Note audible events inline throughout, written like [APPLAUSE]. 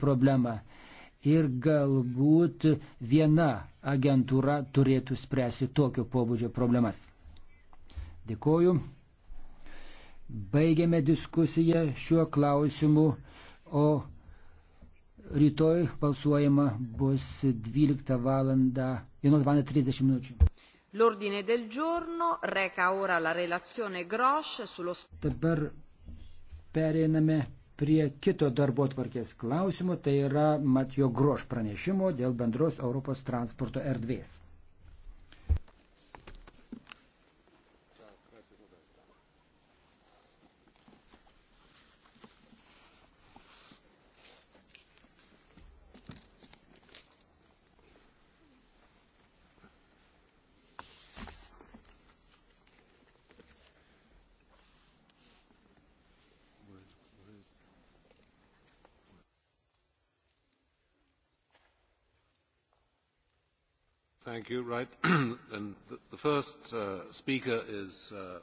problemą. Ir galbūt viena agentūra turėtų spręsti tokio pobūdžio problemas. Dėkoju. Baigiame diskusiją šiuo klausimu, o rytoj balsuojama bus 12 val. 1.30 minučių. L'ordine del giorno reca ora la relazione Grosch sullo Dabar pereiname prie kito darbo tvarkės klausimo, tai yra Matijo Groš pranešimo dėl bendros Europos transporto erdvės. Thank you. Right. And [CLEARS THROAT] the first uh, speaker is. Uh...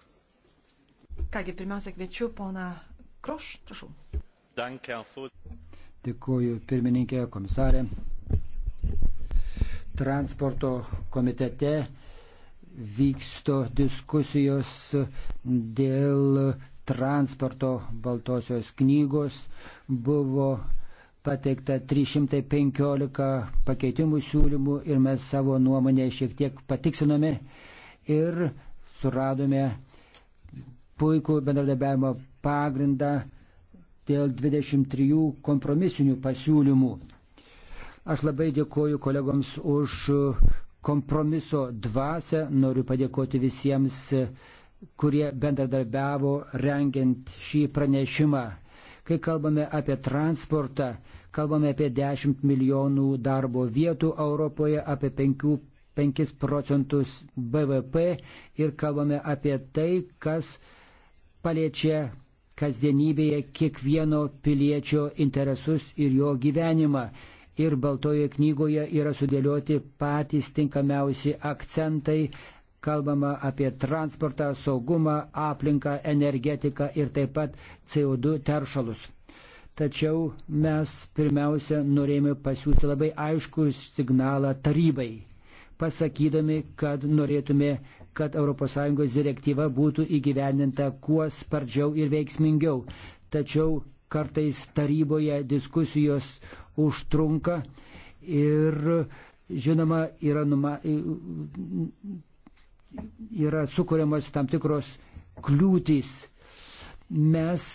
Kągi, pirmiausia, kviečiu poną Kroš, prašau. Dėkuoju pirmininkė, komisarė. Transporto komitete vyksto diskusijos dėl transporto baltosios knygos. Buvo pateikta 315 pakeitimų siūlymų ir mes savo nuomonę šiek tiek patiksinome ir suradome puikų bendradarbiavimo pagrindą dėl 23 kompromisinių pasiūlymų. Aš labai dėkoju kolegoms už kompromiso dvasę, noriu padėkoti visiems, kurie bendradarbiavo rengiant šį pranešimą. Kai kalbame apie transportą, kalbame apie 10 milijonų darbo vietų Europoje, apie 5, 5 procentus BVP ir kalbame apie tai, kas paliečia kasdienybėje kiekvieno piliečio interesus ir jo gyvenimą ir Baltojoje knygoje yra sudėlioti patys tinkamiausi akcentai kalbama apie transportą, saugumą, aplinką, energetiką ir taip pat CO2 teršalus. Tačiau mes pirmiausia norėjome pasiūsti labai aiškų signalą tarybai, pasakydami, kad norėtume, kad ES direktyva būtų įgyvendinta kuo spardžiau ir veiksmingiau. Tačiau kartais taryboje diskusijos užtrunka ir žinoma yra numa, yra sukūriamas tam tikros kliūtys. Mes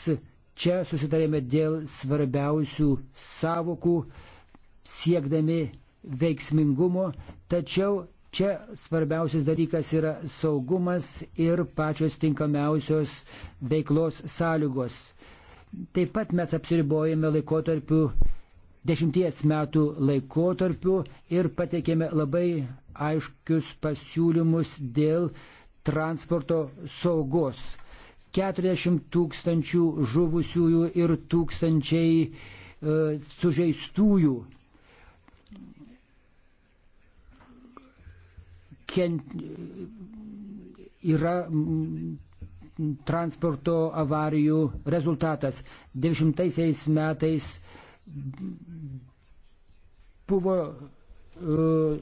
čia susitarėme dėl svarbiausių savokų, siekdami veiksmingumo, tačiau čia svarbiausias dalykas yra saugumas ir pačios tinkamiausios veiklos sąlygos. Taip pat mes apsiribojame laikotarpiu dešimties metų laikotarpiu ir pateikėme labai aiškius pasiūlymus dėl transporto saugos. 40 tūkstančių žuvusiųjų ir tūkstančiai e, sužeistųjų kent, yra m, transporto avarijų rezultatas. 90 metais buvo, e,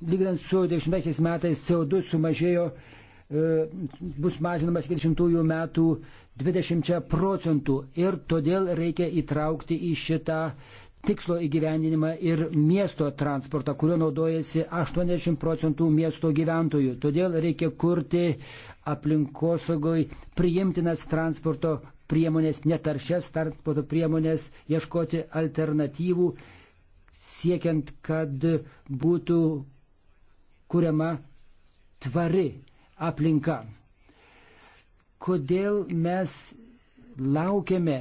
lyginant su 10 metais, CO2 sumažėjo, e, bus mažinamas iki 10 metų 20 procentų ir todėl reikia įtraukti į šitą tikslo įgyvendinimą ir miesto transportą, kuriuo naudojasi 80 procentų miesto gyventojų. Todėl reikia kurti aplinkosaugoj priimtinas transporto priemonės, netaršias transporto priemonės, ieškoti alternatyvų, siekiant, kad būtų kuriama tvari aplinka. Kodėl mes laukiame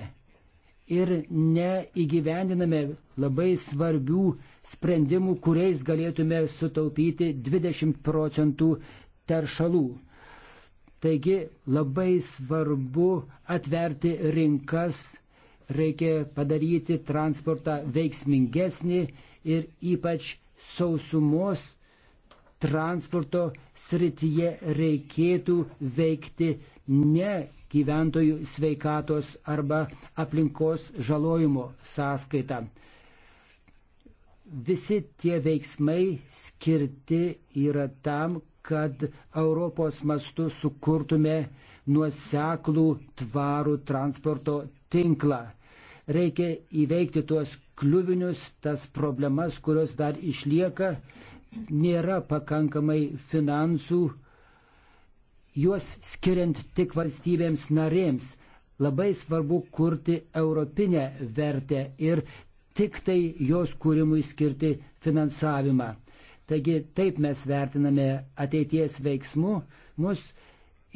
ir neįgyvendiname labai svarbių sprendimų, kuriais galėtume sutaupyti 20 procentų teršalų. Taigi labai svarbu atverti rinkas, reikia padaryti transportą veiksmingesnį ir ypač sausumos transporto srityje reikėtų veikti ne gyventojų sveikatos arba aplinkos žalojimo sąskaita. Visi tie veiksmai skirti yra tam, kad Europos mastu sukurtume nuoseklų tvarų transporto tinklą. Reikia įveikti tuos kliuvinius, tas problemas, kurios dar išlieka, nėra pakankamai finansų, juos skiriant tik valstybėms narėms. Labai svarbu kurti europinę vertę ir tik tai jos kūrimui skirti finansavimą. Taigi taip mes vertiname ateities veiksmų mus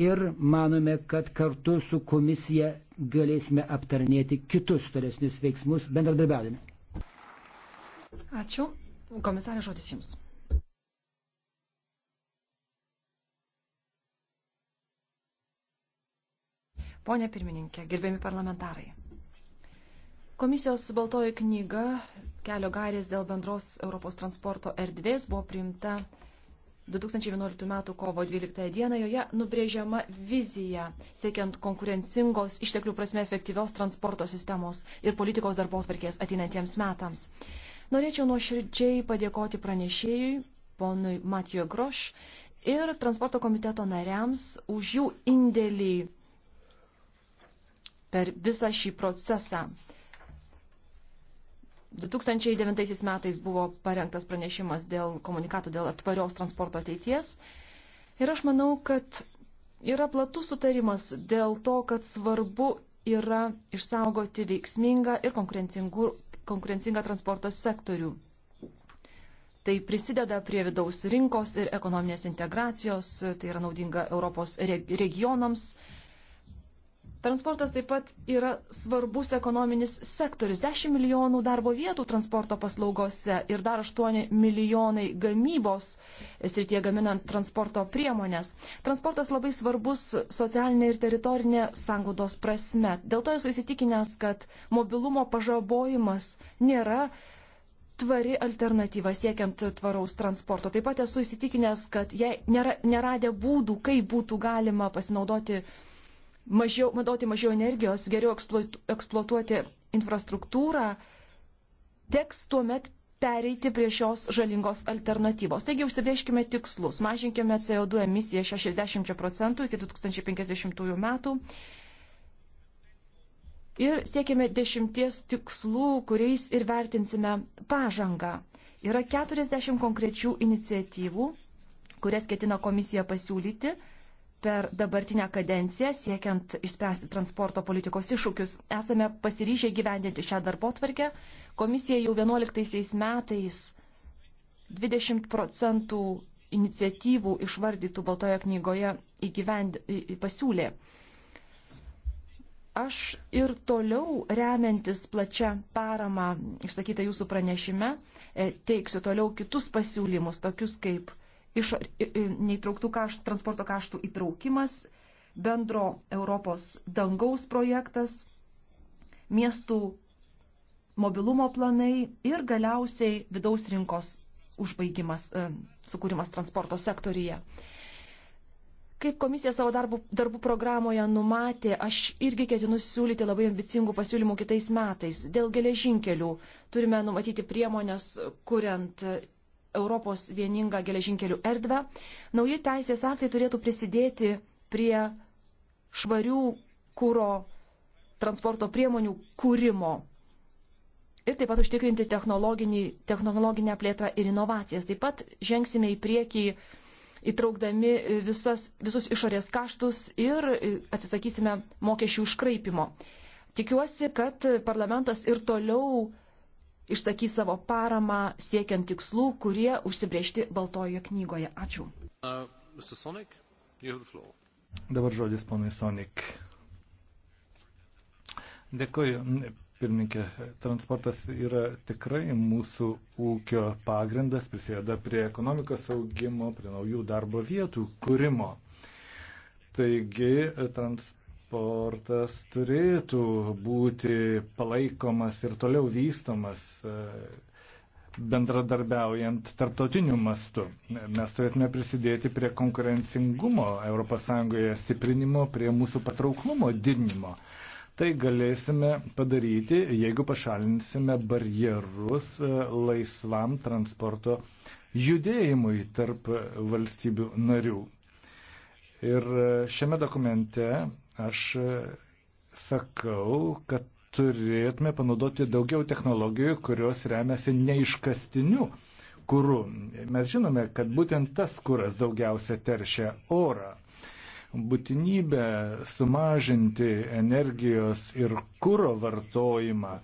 ir manome, kad kartu su komisija galėsime aptarnėti kitus tolesnius veiksmus bendradarbiaudami. Ačiū. Komisarė, žodis Jums. Pone pirmininkė, gerbiami parlamentarai. Komisijos baltoji knyga kelio gairės dėl bendros Europos transporto erdvės buvo priimta 2011 m. kovo 12 d. Joje nubrėžiama vizija siekiant konkurencingos išteklių prasme efektyvios transporto sistemos ir politikos darbos varkės ateinantiems metams. Norėčiau nuoširdžiai padėkoti pranešėjui, ponui Matijo Groš ir transporto komiteto nariams už jų indėlį per visą šį procesą 2009 metais buvo parengtas pranešimas dėl komunikato dėl tvarios transporto ateities. Ir aš manau, kad yra platus sutarimas dėl to, kad svarbu yra išsaugoti veiksmingą ir konkurencingą transporto sektorių. Tai prisideda prie vidaus rinkos ir ekonominės integracijos, tai yra naudinga Europos regionams, Transportas taip pat yra svarbus ekonominis sektorius. 10 milijonų darbo vietų transporto paslaugose ir dar 8 milijonai gamybos srityje gaminant transporto priemonės. Transportas labai svarbus socialinė ir teritorinė sanglaudos prasme. Dėl to esu įsitikinęs, kad mobilumo pažabojimas nėra tvari alternatyva siekiant tvaraus transporto. Taip pat esu įsitikinęs, kad jei nėra, neradė būdų, kaip būtų galima pasinaudoti mažiau, naudoti mažiau energijos, geriau eksploatuoti infrastruktūrą, teks tuomet pereiti prie šios žalingos alternatyvos. Taigi užsibrieškime tikslus, mažinkime CO2 emisiją 60 procentų iki 2050 metų ir siekime dešimties tikslų, kuriais ir vertinsime pažangą. Yra 40 konkrečių iniciatyvų, kurias ketina komisija pasiūlyti per dabartinę kadenciją, siekiant išspręsti transporto politikos iššūkius, esame pasiryžę gyvendinti šią darbo tvarkę. Komisija jau 11 metais 20 procentų iniciatyvų išvardytų Baltojo knygoje įgyvend... pasiūlė. Aš ir toliau remiantis plačia parama išsakyta jūsų pranešime, e, teiksiu toliau kitus pasiūlymus, tokius kaip iš neįtrauktų kaštų, transporto kaštų įtraukimas, bendro Europos dangaus projektas, miestų mobilumo planai ir galiausiai vidaus rinkos užbaigimas, e, sukūrimas transporto sektorija. Kaip komisija savo darbų, darbų programoje numatė, aš irgi ketinu siūlyti labai ambicingų pasiūlymų kitais metais. Dėl geležinkelių turime numatyti priemonės, kuriant Europos vieningą geležinkelių erdvę, nauji teisės aktai turėtų prisidėti prie švarių kūro transporto priemonių kūrimo ir taip pat užtikrinti technologinę plėtrą ir inovacijas. Taip pat žengsime į priekį įtraukdami visas, visus išorės kaštus ir atsisakysime mokesčių užkraipimo. Tikiuosi, kad parlamentas ir toliau išsakys savo paramą siekiant tikslų, kurie užsibriežti Baltojoje knygoje. Ačiū. Uh, Sonic, Dabar žodis ponai Sonik. Dėkuoju. Pirmininkė, transportas yra tikrai mūsų ūkio pagrindas, prisėda prie ekonomikos augimo, prie naujų darbo vietų kūrimo. Taigi, transportas Sportas turėtų būti palaikomas ir toliau vystomas e, bendradarbiaujant tarptautiniu mastu. Mes turėtume prisidėti prie konkurencingumo ES stiprinimo, prie mūsų patrauklumo didinimo. Tai galėsime padaryti, jeigu pašalinsime barjerus e, laisvam transporto judėjimui tarp valstybių narių. Ir e, šiame dokumente Aš e, sakau, kad turėtume panaudoti daugiau technologijų, kurios remiasi neiškastiniu kūru. Mes žinome, kad būtent tas kūras daugiausia teršia orą. Būtinybė sumažinti energijos ir kūro vartojimą,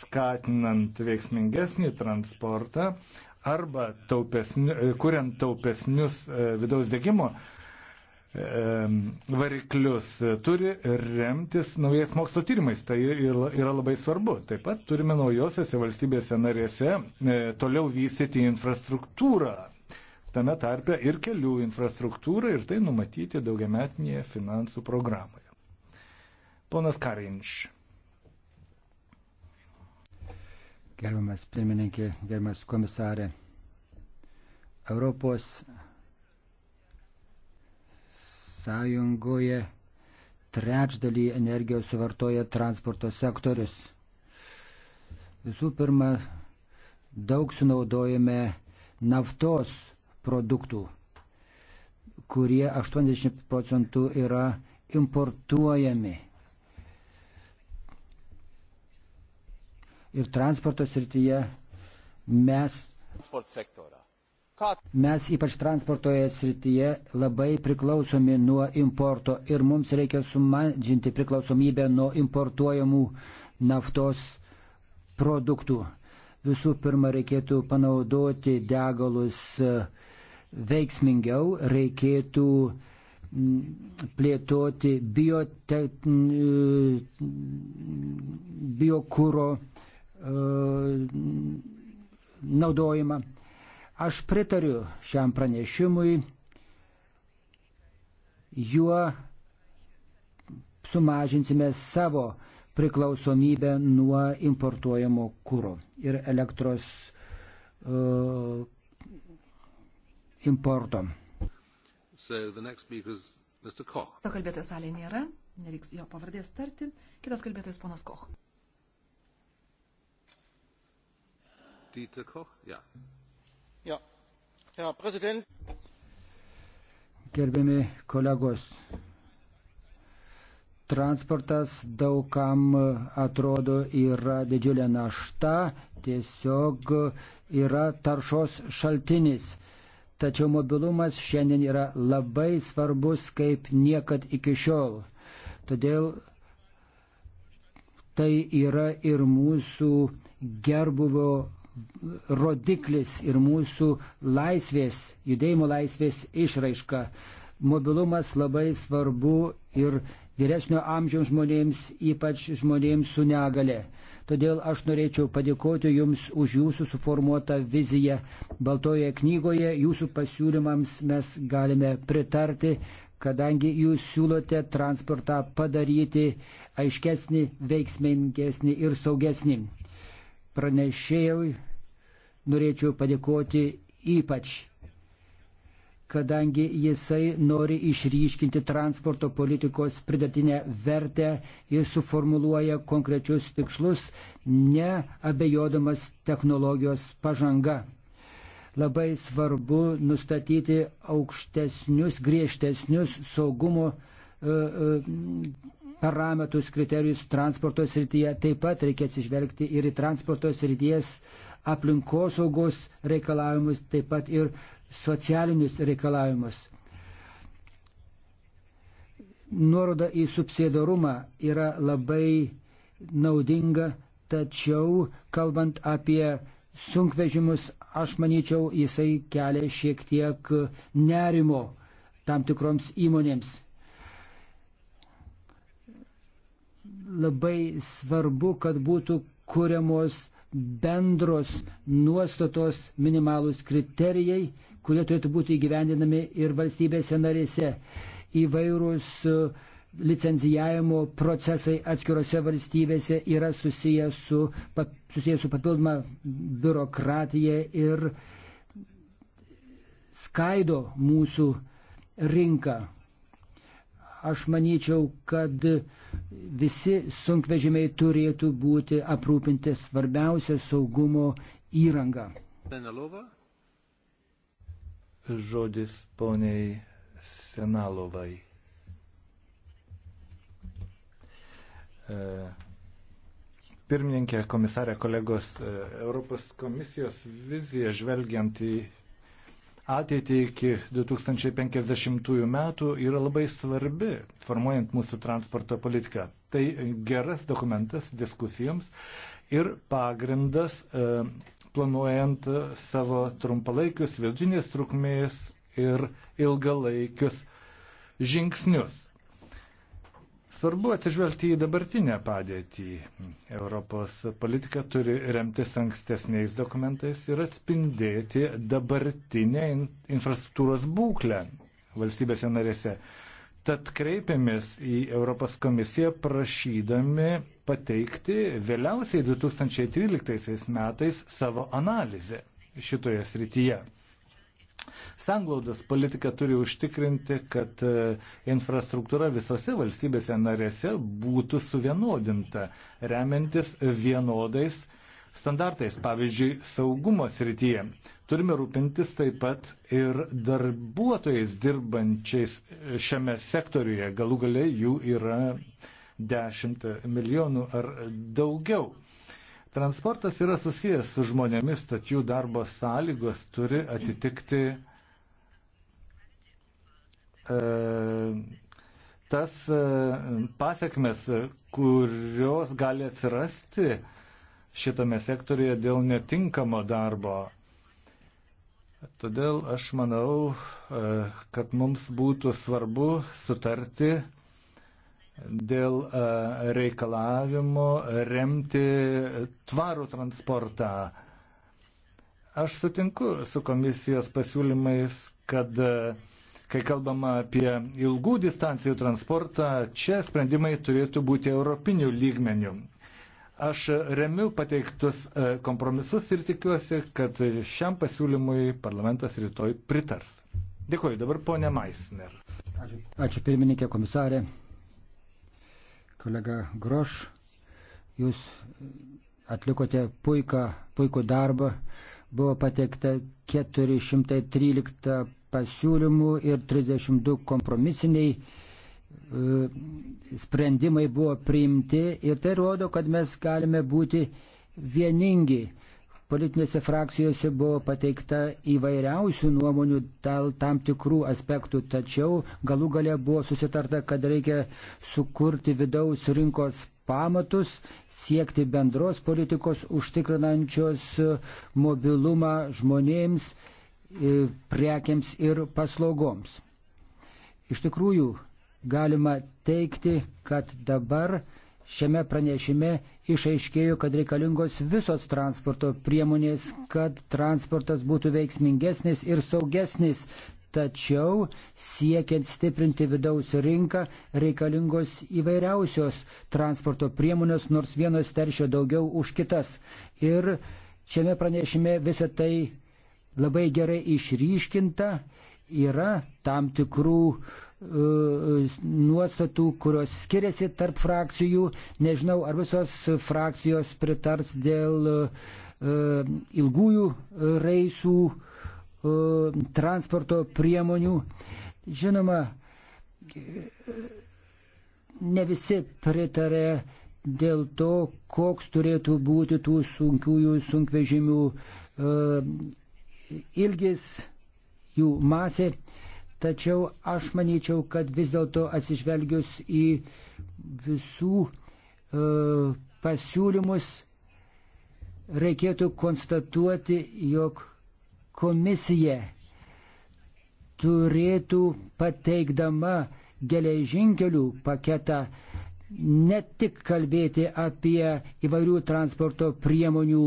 skatinant veiksmingesnį transportą arba taupesni, kuriant taupesnius e, vidaus degimo variklius turi remtis naujais mokslo tyrimais. Tai yra labai svarbu. Taip pat turime naujosiose valstybėse narėse e, toliau vystyti infrastruktūrą. Tame tarpe ir kelių infrastruktūrą ir tai numatyti daugiametinėje finansų programoje. Ponas Karinč. Gerbiamas pirmininkė, gerbiamas komisarė. Europos Sąjungoje trečdalį energijos suvartoja transporto sektorius. Visų pirma, daug sunaudojame naftos produktų, kurie 80 procentų yra importuojami. Ir transporto srityje mes. Transport sektorą Mes ypač transportoje srityje labai priklausomi nuo importo ir mums reikia sumažinti priklausomybę nuo importuojamų naftos produktų. Visų pirma, reikėtų panaudoti degalus e, veiksmingiau, reikėtų mm, plėtoti biote, mm, biokūro e, naudojimą Aš pritariu šiam pranešimui. Juo sumažinsime savo priklausomybę nuo importuojamo kūro ir elektros uh, importo. So to kalbėtojo salėje nėra, nereiks jo pavardės tarti. Kitas kalbėtojas ponas Koch. Dieter Koch, ja. Yeah. Ja. Herr Präsident. Gerbiami kolegos, transportas daugam atrodo yra didžiulė našta, tiesiog yra taršos šaltinis. Tačiau mobilumas šiandien yra labai svarbus kaip niekad iki šiol. Todėl tai yra ir mūsų gerbuvio rodiklis ir mūsų laisvės, judėjimo laisvės išraiška. Mobilumas labai svarbu ir vyresnio amžiaus žmonėms, ypač žmonėms su negale. Todėl aš norėčiau padėkoti Jums už Jūsų suformuotą viziją. Baltoje knygoje Jūsų pasiūlymams mes galime pritarti, kadangi Jūs siūlote transportą padaryti aiškesnį, veiksmingesnį ir saugesnį pranešėjui norėčiau padėkoti ypač, kadangi jisai nori išryškinti transporto politikos pridatinę vertę ir suformuluoja konkrečius tikslus, neabejodamas technologijos pažanga. Labai svarbu nustatyti aukštesnius, griežtesnius saugumo e, e, parametrus, kriterijus transporto srityje. Taip pat reikia atsižvelgti ir į transporto srities aplinkosaugos reikalavimus, taip pat ir socialinius reikalavimus. Nuoroda į subsidiarumą yra labai naudinga, tačiau kalbant apie sunkvežimus, aš manyčiau, jisai kelia šiek tiek nerimo tam tikroms įmonėms. labai svarbu, kad būtų kuriamos bendros nuostatos, minimalūs kriterijai, kurie turėtų būti įgyvendinami ir valstybėse narėse. Įvairūs e, licenzijavimo procesai atskirose valstybėse yra susiję su, susiję su papildoma biurokratija ir skaido mūsų rinką. Aš manyčiau, kad visi sunkvežimiai turėtų būti aprūpinti svarbiausią saugumo įrangą. Senalova. Žodis poniai Senalovai. E, pirmininkė, komisarė, kolegos, e, Europos komisijos vizija žvelgiant į ateitį iki 2050 metų yra labai svarbi, formuojant mūsų transporto politiką. Tai geras dokumentas diskusijoms ir pagrindas e, planuojant savo trumpalaikius, vidutinės trukmės ir ilgalaikius žingsnius. Svarbu atsižvelgti į dabartinę padėtį. Europos politika turi remtis ankstesniais dokumentais ir atspindėti dabartinę infrastruktūros būklę valstybėse narėse. Tad kreipiamės į Europos komisiją prašydami pateikti vėliausiai 2013 metais savo analizę šitoje srityje. Sanglaudos politika turi užtikrinti, kad e, infrastruktūra visose valstybėse narėse būtų suvienodinta, remiantis vienodais standartais, pavyzdžiui, saugumo srityje. Turime rūpintis taip pat ir darbuotojais dirbančiais e, šiame sektoriuje, galų gale jų yra 10 milijonų ar daugiau. Transportas yra susijęs su žmonėmis, tad jų darbo sąlygos turi atitikti e, tas e, pasiekmes, kurios gali atsirasti šitame sektorėje dėl netinkamo darbo. Todėl aš manau, e, kad mums būtų svarbu sutarti dėl e, reikalavimo remti tvarų transportą. Aš sutinku su komisijos pasiūlymais, kad e, kai kalbama apie ilgų distancijų transportą, čia sprendimai turėtų būti europinių lygmenių. Aš remiu pateiktus e, kompromisus ir tikiuosi, kad šiam pasiūlymui parlamentas rytoj pritars. Dėkuoju, dabar ponė Maisner. Ačiū, Ačiū pirmininkė komisarė kolega Groš, jūs atlikote puiką, puikų darbą. Buvo pateikta 413 pasiūlymų ir 32 kompromisiniai e, sprendimai buvo priimti ir tai rodo, kad mes galime būti vieningi politinėse frakcijose buvo pateikta įvairiausių nuomonių dėl tam tikrų aspektų, tačiau galų gale buvo susitarta, kad reikia sukurti vidaus rinkos pamatus, siekti bendros politikos užtikrinančios mobilumą žmonėms, e, prekiams ir paslaugoms. Iš tikrųjų, galima teikti, kad dabar šiame pranešime išaiškėjo, kad reikalingos visos transporto priemonės, kad transportas būtų veiksmingesnis ir saugesnis. Tačiau siekiant stiprinti vidaus rinką reikalingos įvairiausios transporto priemonės, nors vienos teršia daugiau už kitas. Ir šiame pranešime visa tai labai gerai išryškinta, yra tam tikrų nuostatų, kurios skiriasi tarp frakcijų. Nežinau, ar visos frakcijos pritars dėl e, ilgųjų reisų e, transporto priemonių. Žinoma, ne visi pritarė dėl to, koks turėtų būti tų sunkiųjų sunkvežimių e, ilgis, jų masė Tačiau aš manyčiau, kad vis dėlto atsižvelgius į visų e, pasiūlymus, reikėtų konstatuoti, jog komisija turėtų pateikdama geležinkelių paketą ne tik kalbėti apie įvairių transporto priemonių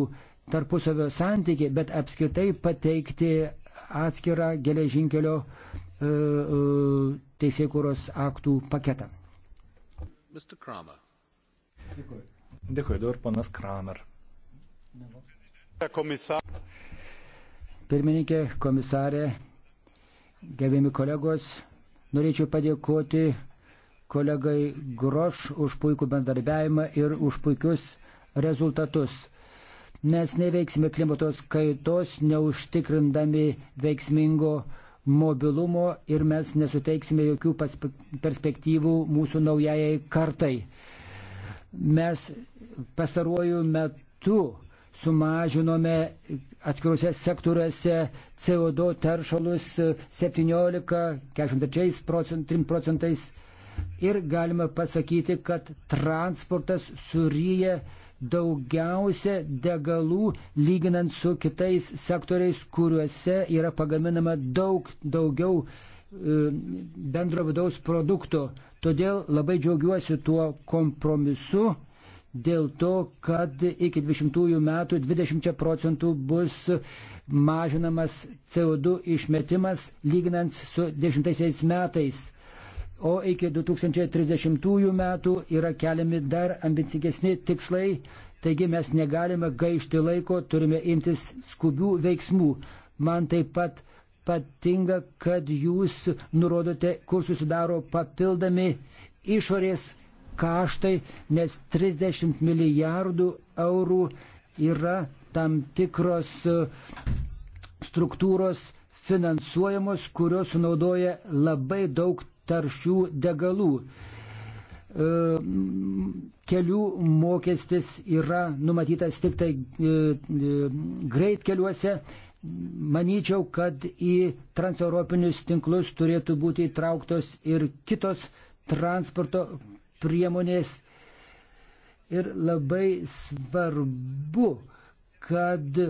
tarpusavio santykį, bet apskritai pateikti atskirą geležinkelio E, e, teisėkūros aktų paketą. Dėkui. Dėkui, dabar panas Kramer. Pirmininkė, komisarė, gerbėmi kolegos, norėčiau padėkoti kolegai Groš už puikų bendarbiavimą ir už puikius rezultatus. Mes neveiksime klimatos kaitos, neužtikrindami veiksmingo uh, mobilumo ir mes nesuteiksime jokių perspektyvų mūsų naujajai kartai. Mes pastaruoju metu sumažinome atskiruose sektoriuose CO2 teršalus 17,43 procentais ir galime pasakyti, kad transportas suryja daugiausia degalų lyginant su kitais sektoriais, kuriuose yra pagaminama daug daugiau e, bendro vidaus produkto. Todėl labai džiaugiuosi tuo kompromisu dėl to, kad iki 20 metų 20 procentų bus mažinamas CO2 išmetimas lyginant su 10 metais o iki 2030 metų yra keliami dar ambicingesni tikslai, taigi mes negalime gaišti laiko, turime imtis skubių veiksmų. Man taip pat patinka, kad jūs nurodote, kur susidaro papildomi išorės kaštai, nes 30 milijardų eurų yra tam tikros e, struktūros finansuojamos, kurios sunaudoja labai daug taršių degalų. E, kelių mokestis yra numatytas tik tai e, e, greitkeliuose. Manyčiau, kad į transeuropinius tinklus turėtų būti įtrauktos ir kitos transporto priemonės. Ir labai svarbu, kad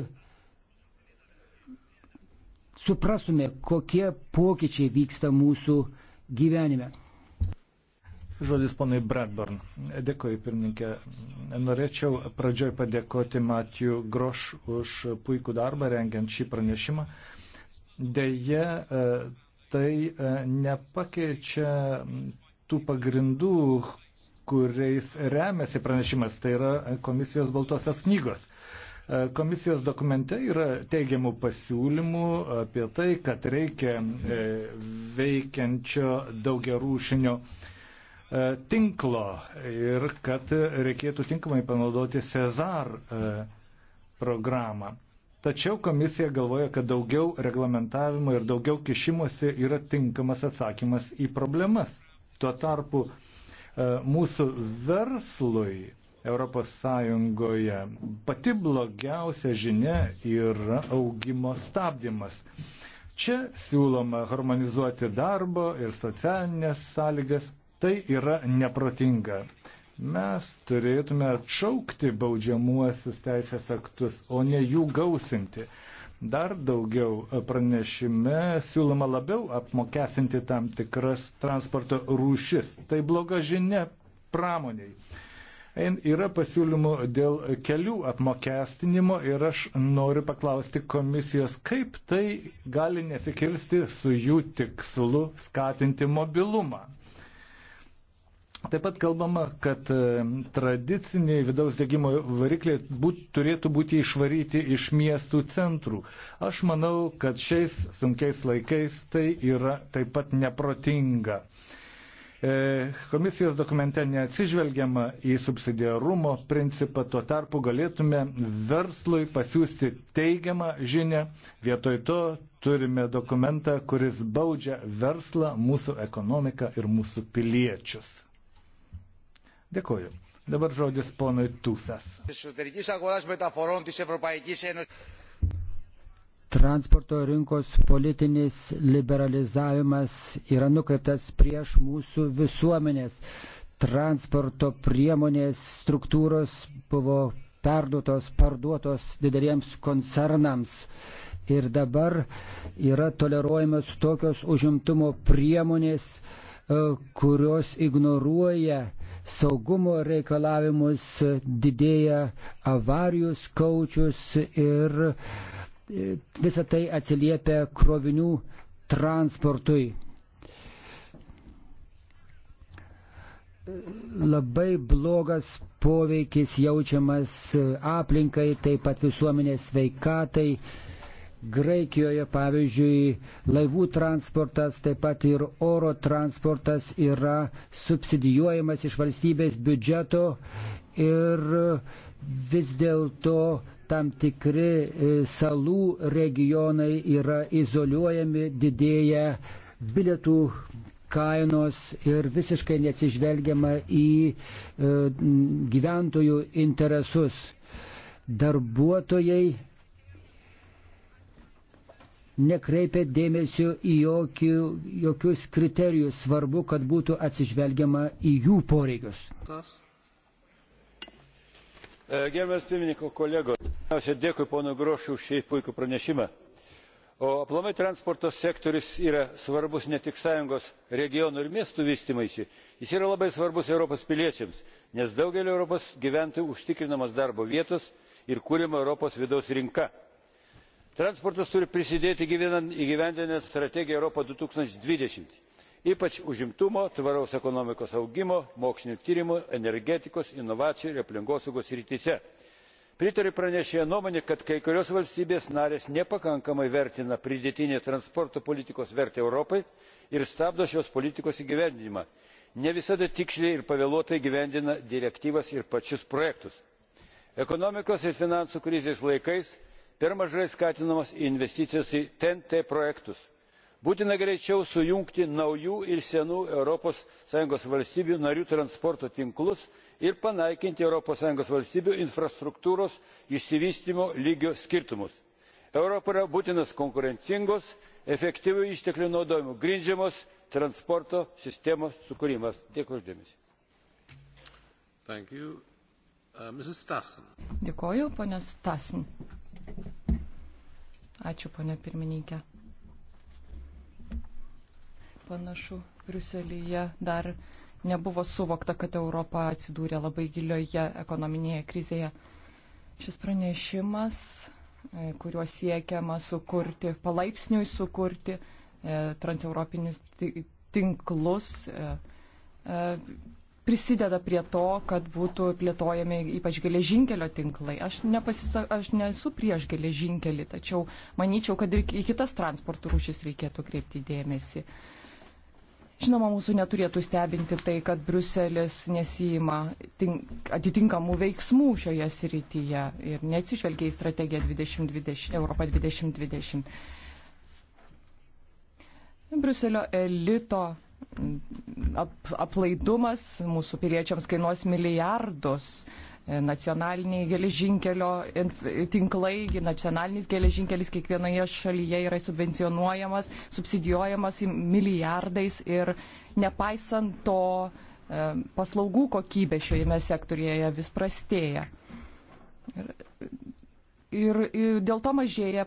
suprastume, kokie pokyčiai vyksta mūsų gyvenime. Žodis ponai Bradburn. Dėkoju, pirmininkė. Norėčiau pradžioj padėkoti Matiju Groš už puikų darbą rengiant šį pranešimą. Deja, e, tai e, nepakeičia tų pagrindų, kuriais remiasi pranešimas, tai yra komisijos baltosios knygos. Komisijos dokumente yra teigiamų pasiūlymų apie tai, kad reikia e, veikiančio daugiarūšinio e, tinklo ir kad reikėtų tinkamai panaudoti Cezar e, programą. Tačiau komisija galvoja, kad daugiau reglamentavimo ir daugiau kišimosi yra tinkamas atsakymas į problemas. Tuo tarpu mūsų verslui ES. Pati blogiausia žinia yra augimo stabdymas. Čia siūloma harmonizuoti darbo ir socialinės sąlygas. Tai yra neprotinga mes turėtume atšaukti baudžiamuosius teisės aktus, o ne jų gausinti. Dar daugiau pranešime siūloma labiau apmokestinti tam tikras transporto rūšis. Tai bloga žinia pramoniai. Yra pasiūlymų dėl kelių apmokestinimo ir aš noriu paklausti komisijos, kaip tai gali nesikirsti su jų tikslu skatinti mobilumą. Taip pat kalbama, kad e, tradiciniai vidaus degimo varikliai būt, turėtų būti išvaryti iš miestų centrų. Aš manau, kad šiais sunkiais laikais tai yra taip pat neprotinga. Uh, E, komisijos dokumente neatsižvelgiama į subsidiarumo principą, tuo tarpu galėtume verslui pasiūsti teigiamą žinę, vietoj to turime dokumentą, kuris baudžia verslą, mūsų ekonomiką ir mūsų piliečius. Dėkuoju. Dabar žodis ponui Tūsas transporto rinkos politinis liberalizavimas yra nukreiptas prieš mūsų visuomenės. Transporto priemonės struktūros buvo perduotos, parduotos dideliems koncernams. Ir dabar yra toleruojamas tokios užimtumo priemonės, e, kurios ignoruoja saugumo reikalavimus, didėja avarijų skaičius ir uh, visą tai atsiliepia krovinių transportui. Labai blogas poveikis jaučiamas aplinkai, taip pat visuomenės sveikatai. Graikijoje, pavyzdžiui, laivų transportas, taip pat ir oro transportas yra subsidijuojamas iš valstybės biudžeto ir vis dėlto tam tikri e, salų regionai yra izoliuojami, didėja bilietų kainos ir visiškai neatsižvelgiama į e, gyventojų interesus. Darbuotojai nekreipia dėmesio į jokių, jokius kriterijus. Svarbu, kad būtų atsižvelgiama į jų poreikius. Tas. E, gerbiamas pirmininke kolegos pirmiausia dėkui ponui grošui už šį puikų pranešimą. o aplamai transporto sektorius yra svarbus ne tik sąjungos regionų ir miestų vystymuisi jis yra labai svarbus europos piliečiams nes daugeliui europos gyventojų užtikrinamos darbo vietos ir kuriama europos vidaus rinka. transportas turi prisidėti įgyvendinant strategiją europa du tūkstančiai dvidešimt ypač užimtumo tvaraus ekonomikos augimo mokslinių tyrimų energetikos inovacijų ir aplinkosaugos srityse. pritariu pranešėjo nuomonei kad kai kurios valstybės narės nepakankamai vertina pridėtinę transporto politikos vertę europai ir stabdo šios politikos įgyvendinimą ne visada tiksliai ir pavėluotai įgyvendina direktyvas ir pačius projektus. ekonomikos ir finansų krizės laikais per mažai skatinamos investicijos į ten t projektus būtina greičiau sujungti naujų ir senų europos sąjungos valstybių narių transporto tinklus ir panaikinti europos sąjungos valstybių infrastruktūros išsivystymo lygio skirtumus. europai yra būtinos konkurencingos efektyviu išteklių naudojimu grindžiamos transporto sistemos sukūrimas. dėkui už dėmesį. Uh, Dėkoju, ponė Stasin. Ačiū, ponė pirmininkė. Panašu, Briuselyje dar nebuvo suvokta, kad Europa atsidūrė labai gilioje ekonominėje krizėje. Šis pranešimas, e, kuriuo siekiama sukurti, palaipsniui sukurti e, transeuropinius tinklus, e, prisideda prie to, kad būtų plėtojami ypač geležinkelio tinklai. Aš, nepasisa, aš nesu prieš geležinkelį, tačiau manyčiau, kad ir į kitas transporto rūšis reikėtų kreipti dėmesį. Uh, Žinoma, mūsų neturėtų stebinti tai, kad Bruselis nesijima atitinkamų veiksmų šioje srityje ir neatsižvelgia į strategiją 2020, Europą 2020. Bruselio elito ap, aplaidumas mūsų piliečiams kainuos milijardus. Uh, nacionaliniai geležinkelio tinklai, nacionalinis geležinkelis kiekvienoje šalyje yra subvencionuojamas, subsidijuojamas milijardais ir nepaisant to e, paslaugų kokybė šioje sektorijoje vis prastėja. Ir, ir, ir dėl to mažėja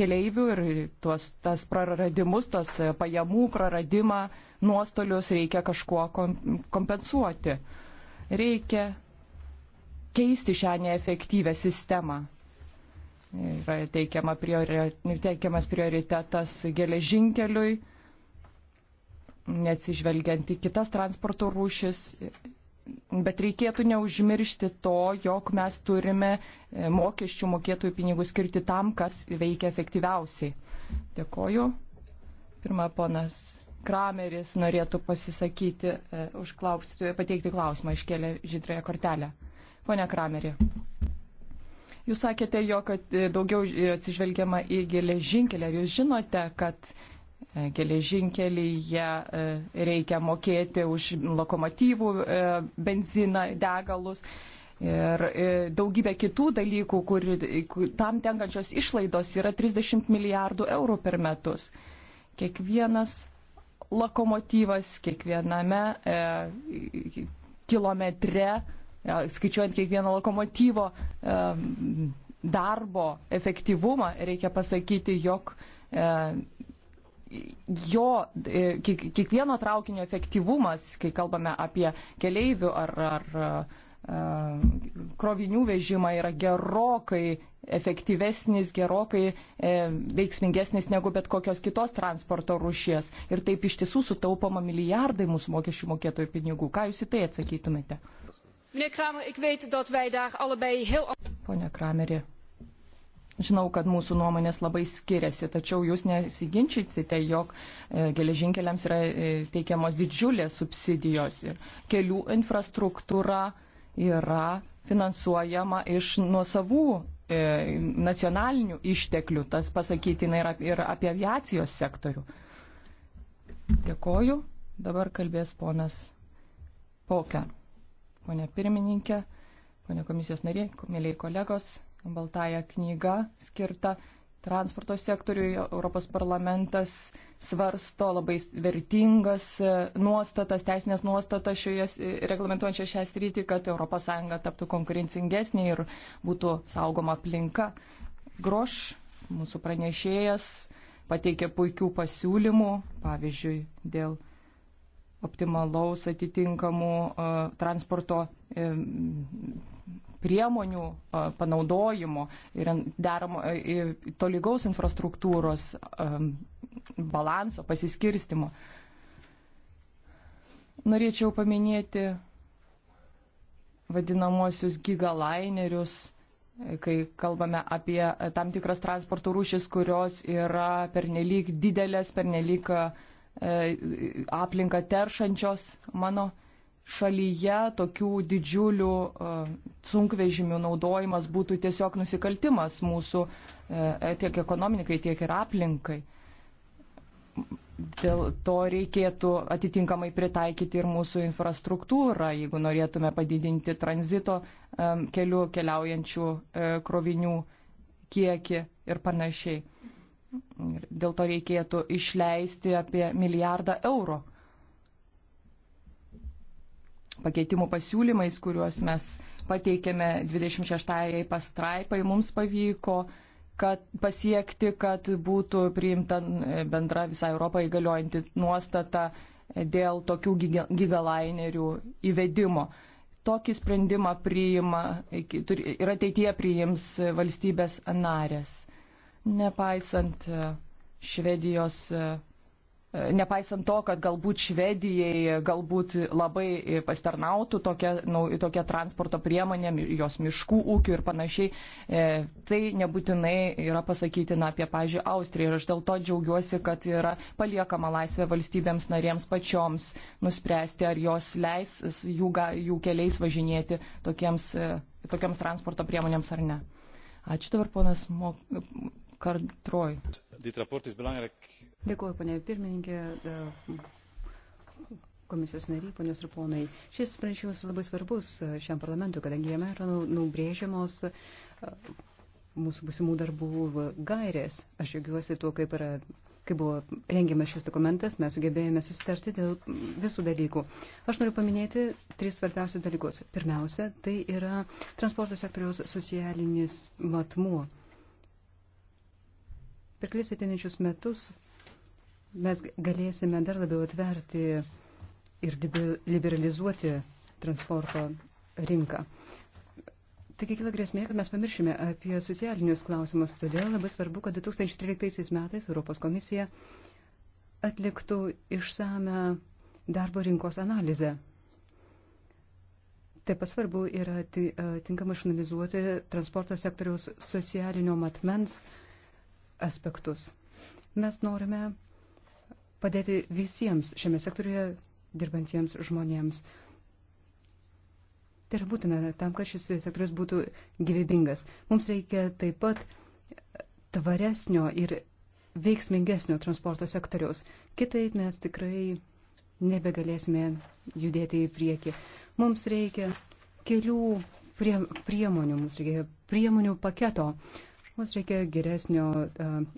keleivių ir tuos, tas praradimus, tas pajamų praradimą, nuostolius reikia kažkuo kompensuoti. Reikia keisti šią neefektyvę sistemą. Yra teikiama priori, teikiamas prioritetas geležinkeliui, neatsižvelgiant į kitas transporto rūšis. Bet reikėtų neužmiršti to, jog mes turime e, mokesčių mokėtojų pinigų skirti tam, kas veikia efektyviausiai. Dėkoju. Pirma, ponas Krameris norėtų pasisakyti, e, užklausti, pateikti klausimą, iškėlė žydrąją kortelę. Pone Kramerį. Jūs sakėte jo, kad e, daugiau e, atsižvelgiama į geležinkelį. Ar jūs žinote, kad e, geležinkelyje reikia mokėti už lokomotyvų benziną, degalus ir daugybė kitų dalykų, kur, tam tenkančios išlaidos yra 30 milijardų eurų per metus. Kiekvienas lokomotyvas, kiekviename kilometre skaičiuojant kiekvieno lokomotyvo darbo efektyvumą, reikia pasakyti, jog jo e, kiekvieno traukinio efektyvumas, kai kalbame apie keleivių ar, ar krovinių vežimą yra gerokai efektyvesnis, gerokai veiksmingesnis negu bet kokios kitos transporto rušies. Ir taip iš tiesų sutaupama milijardai mūsų mokesčių mokėtojų pinigų. Ką jūs į tai atsakytumėte? Meneer Kramer, ik weet dat wij daar allebei heel. Pone Krameri, žinau, kad mūsų nuomonės labai skiriasi, tačiau jūs nesiginčysite, jog e, geležinkeliams yra e, teikiamos didžiulės subsidijos ir kelių infrastruktūra yra finansuojama iš nuosavų e, nacionalinių išteklių. Tas pasakytina ir apie, ir apie aviacijos sektorių. Dėkoju. Dabar kalbės ponas Poker ponė pirmininkė, ponė komisijos narė, mėlyi kolegos, Baltaja knyga skirta transporto sektoriui Europos parlamentas svarsto labai vertingas nuostatas, teisinės nuostatas šioje reglamentuojančioje šią sritį, kad ES taptų konkurencingesnė ir būtų saugoma aplinka. Groš, mūsų pranešėjas, pateikė puikių pasiūlymų, pavyzdžiui, dėl optimalaus atitinkamų e, transporto e, priemonių e, panaudojimo ir deramo, tolygaus infrastruktūros balanso pasiskirstimo. Norėčiau paminėti vadinamosius gigalainerius, kai kalbame apie tam tikras transporto rūšis, kurios yra pernelyg didelės, pernelyg uh, E, aplinką teršančios mano šalyje tokių didžiulių e, sunkvežimių naudojimas būtų tiesiog nusikaltimas mūsų e, tiek ekonomikai, tiek ir aplinkai. Dėl to reikėtų atitinkamai pritaikyti ir mūsų infrastruktūrą, jeigu norėtume padidinti tranzito kelių keliaujančių krovinių kiekį ir panašiai. Ir dėl to reikėtų išleisti apie milijardą eurų. Pakeitimų pasiūlymais, kuriuos mes pateikėme 26-ai pastraipai, mums pavyko kad pasiekti, kad būtų priimta bendra visai Europą įgaliojanti nuostata dėl tokių gigalainerių įvedimo. Tokį sprendimą priima ir ateityje priims valstybės narės nepaisant e, Švedijos, e, e, nepaisant to, kad galbūt Švedijai galbūt labai pasitarnautų tokia, nu, tokia transporto priemonė, jos miškų ūkių ir panašiai, tai nebūtinai yra pasakytina apie, pažiūrėjau, Austriją. Ir aš dėl to džiaugiuosi, kad yra paliekama laisvė valstybėms narėms pačioms nuspręsti, ar jos leis jų, jų keliais važinėti tokiems, tokiems transporto priemonėms ar ne. Ačiū dabar ponas Mok Kartroj. Dėkuoju, ponė pirmininkė, komisijos nariai, ponios ir ponai. Šis pranešimas labai svarbus e, šiam parlamentui, kadangi jame yra nubrėžiamos e, mūsų būsimų darbų e, gairės. Aš džiaugiuosi tuo, kaip yra. Kai buvo rengiamas šis dokumentas, mes sugebėjome susitarti dėl visų dalykų. Aš noriu paminėti tris svarbiausius dalykus. Pirmiausia, tai yra transporto sektoriaus socialinis matmuo. Per kelis ateinančius metus mes galėsime dar labiau atverti ir liberalizuoti transporto rinką. Taigi kila grėsmė, kad mes pamiršime apie socialinius klausimus. Todėl labai svarbu, kad 2013 metais Europos komisija atliktų išsame darbo rinkos analizę. Taip pat svarbu yra tinkamai išanalizuoti transporto sektoriaus socialinio matmens uh, aspektus. Mes norime padėti visiems šiame sektoriuje dirbantiems žmonėms. Tai yra būtina tam, kad šis sektorius būtų gyvybingas. Mums reikia taip pat tvaresnio ir veiksmingesnio transporto sektoriaus. Kitaip mes tikrai nebegalėsime judėti į priekį. Mums reikia kelių prie, priemonių, mums reikia priemonių paketo, Mums reikia geresnio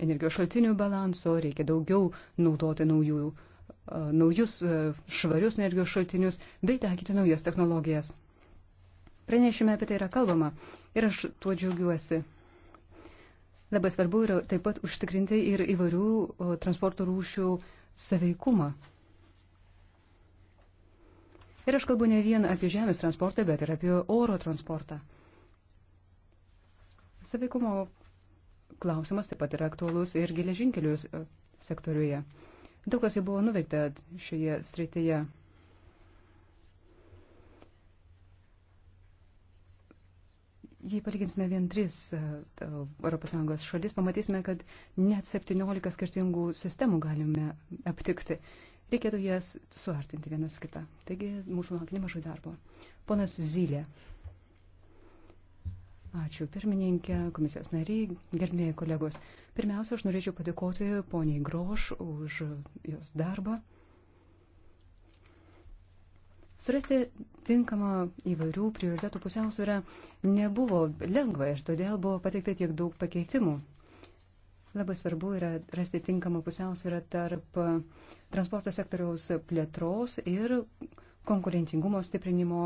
energijos šaltinių balanso, reikia daugiau naudoti naujų, naujus švarius energijos šaltinius bei taikyti naujas technologijas. Pranešime apie tai yra kalbama ir aš tuo džiaugiuosi. Labai svarbu yra taip pat užtikrinti ir įvairių transporto rūšių saveikumą. Ir aš kalbu ne vien apie žemės transportą, bet ir apie oro transportą. Saveikumo klausimas taip pat yra aktualus ir geležinkelių e, sektoriuje. Daug kas jau buvo nuveikta šioje srityje. Jei palikinsime vien tris ES e, šalis, pamatysime, kad net 17 skirtingų sistemų galime aptikti. Reikėtų jas suartinti vieną su kita. Taigi mūsų laukia nemažai darbo. Ponas Zylė. Ačiū pirmininkė, komisijos nariai, gerbėjai kolegos. Pirmiausia, aš norėčiau padėkoti poniai Groš už jos darbą. Surasti tinkamą įvairių prioritetų pusiausvyrą nebuvo lengva ir todėl buvo pateikta tiek daug pakeitimų. Labai svarbu yra rasti tinkamą pusiausvyrą tarp transporto sektoriaus plėtros ir uh, konkurencingumo stiprinimo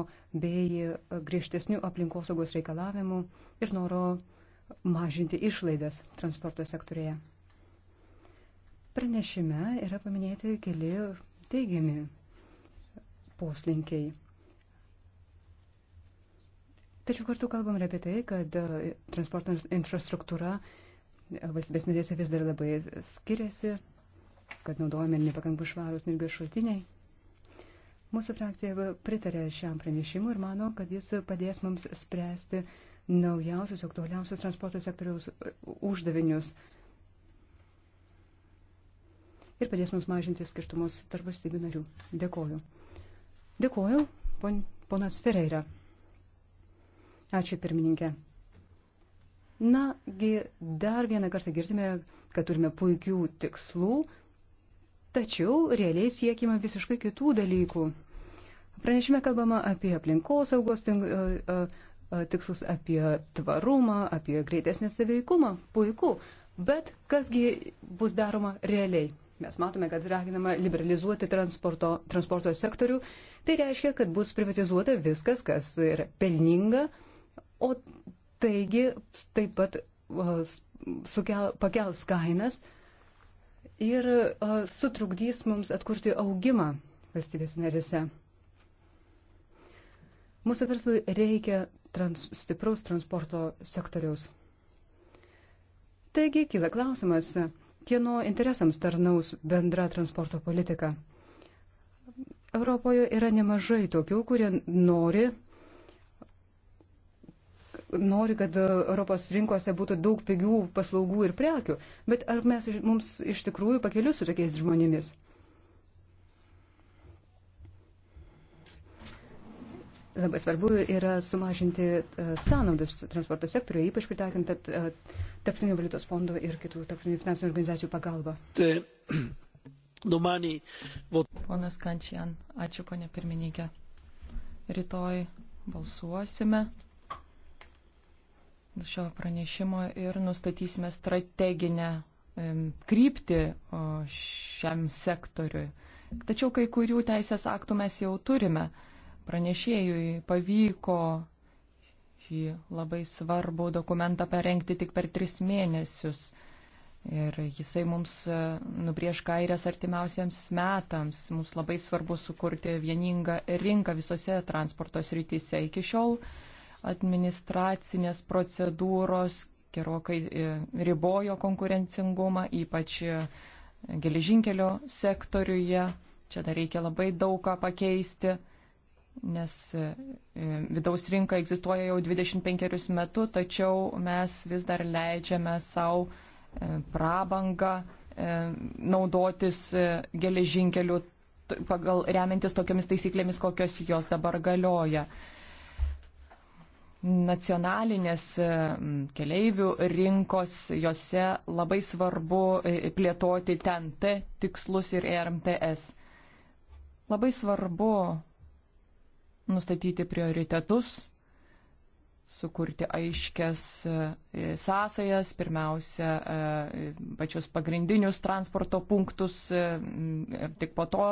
bei griežtesnių aplinkosaugos reikalavimų ir noro mažinti išlaidas transporto sektorėje. Pranešime yra paminėti keli teigiami poslinkiai. Tačiau kartu kalbam ir apie tai, kad transporto infrastruktūra valstybės narėse vis dar labai skiriasi, kad naudojami nepakankamai švarūs energijos šaltiniai. Mūsų frakcija pritarė šiam pranešimui ir mano, kad jis padės mums spręsti naujausius, aktualiausius transporto sektoriaus e, uždavinius ir padės mums mažinti skirtumus tarp valstybių narių. Dėkoju. Dėkoju, pon, ponas Ferreira. Ačiū, pirmininkė. Nagi, dar vieną kartą girdime, kad turime puikių tikslų, Tačiau realiai siekime visiškai kitų dalykų. Pranešime kalbama apie aplinkosaugos e, e, e, tikslus, apie tvarumą, apie greitesnį saveikumą. Puiku. Bet kasgi bus daroma realiai? Mes matome, kad raginama liberalizuoti transporto, transporto sektorių. Tai reiškia, kad bus privatizuota viskas, kas yra pelninga, o taigi taip pat uh, sukel, pakels kainas uh, ir sutrukdys mums atkurti augimą valstybės narėse. Mūsų verslui reikia trans, stipraus transporto sektoriaus. Taigi kyla klausimas, kieno interesams tarnaus bendra transporto politika. Europoje yra nemažai tokių, kurie nori nori, kad Europos rinkose būtų daug pigių paslaugų ir prekių, bet ar mes mums iš tikrųjų pakeliu su tokiais žmonėmis? Labai svarbu yra sumažinti e, sąnaudas transporto sektoriuje, ypač pritaikant e, tarptautinio valiutos fondo ir kitų tarptautinių finansinių organizacijų pagalbą. [CLEARS THROAT] Ponas Kančian, ačiū ponė pirmininkė. Rytoj balsuosime šio pranešimo ir nustatysime strateginę krypti šiam sektoriui. Tačiau kai kurių teisės aktų mes jau turime. Pranešėjui pavyko šį labai svarbų dokumentą parengti tik per tris mėnesius. Ir jisai mums e, nubrieš kairės artimiausiams metams. Mums labai svarbu sukurti vieningą rinką visose transporto srityse. Iki šiol uh, administracinės procedūros gerokai e, ribojo konkurencingumą, ypač e, geležinkelio sektoriuje. Čia dar reikia labai daug ką pakeisti, nes e, vidaus rinka egzistuoja jau 25 metų, tačiau mes vis dar leidžiame savo prabangą naudotis geležinkeliu pagal remiantis tokiamis taisyklėmis, kokios jos dabar galioja nacionalinės e, keleivių rinkos, jose labai svarbu e, e, plėtoti TNT tikslus ir ERMTS. Labai svarbu nustatyti prioritetus sukurti aiškias e, sąsajas, pirmiausia, e, pačius pagrindinius transporto punktus e, ir tik po to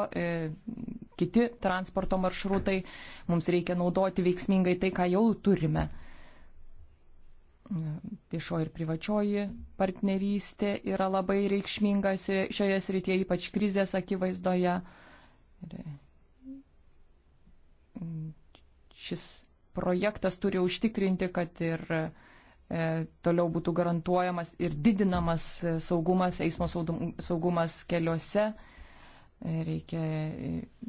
kiti transporto maršrutai. Mums reikia naudoti veiksmingai tai, ką jau turime. Viešoji ir privačioji partnerystė yra labai reikšminga šioje srityje, ypač krizės akivaizdoje. Ir mm, šis projektas turi užtikrinti, kad ir e, toliau būtų garantuojamas ir didinamas e, saugumas, eismo saugumas keliuose. E, reikia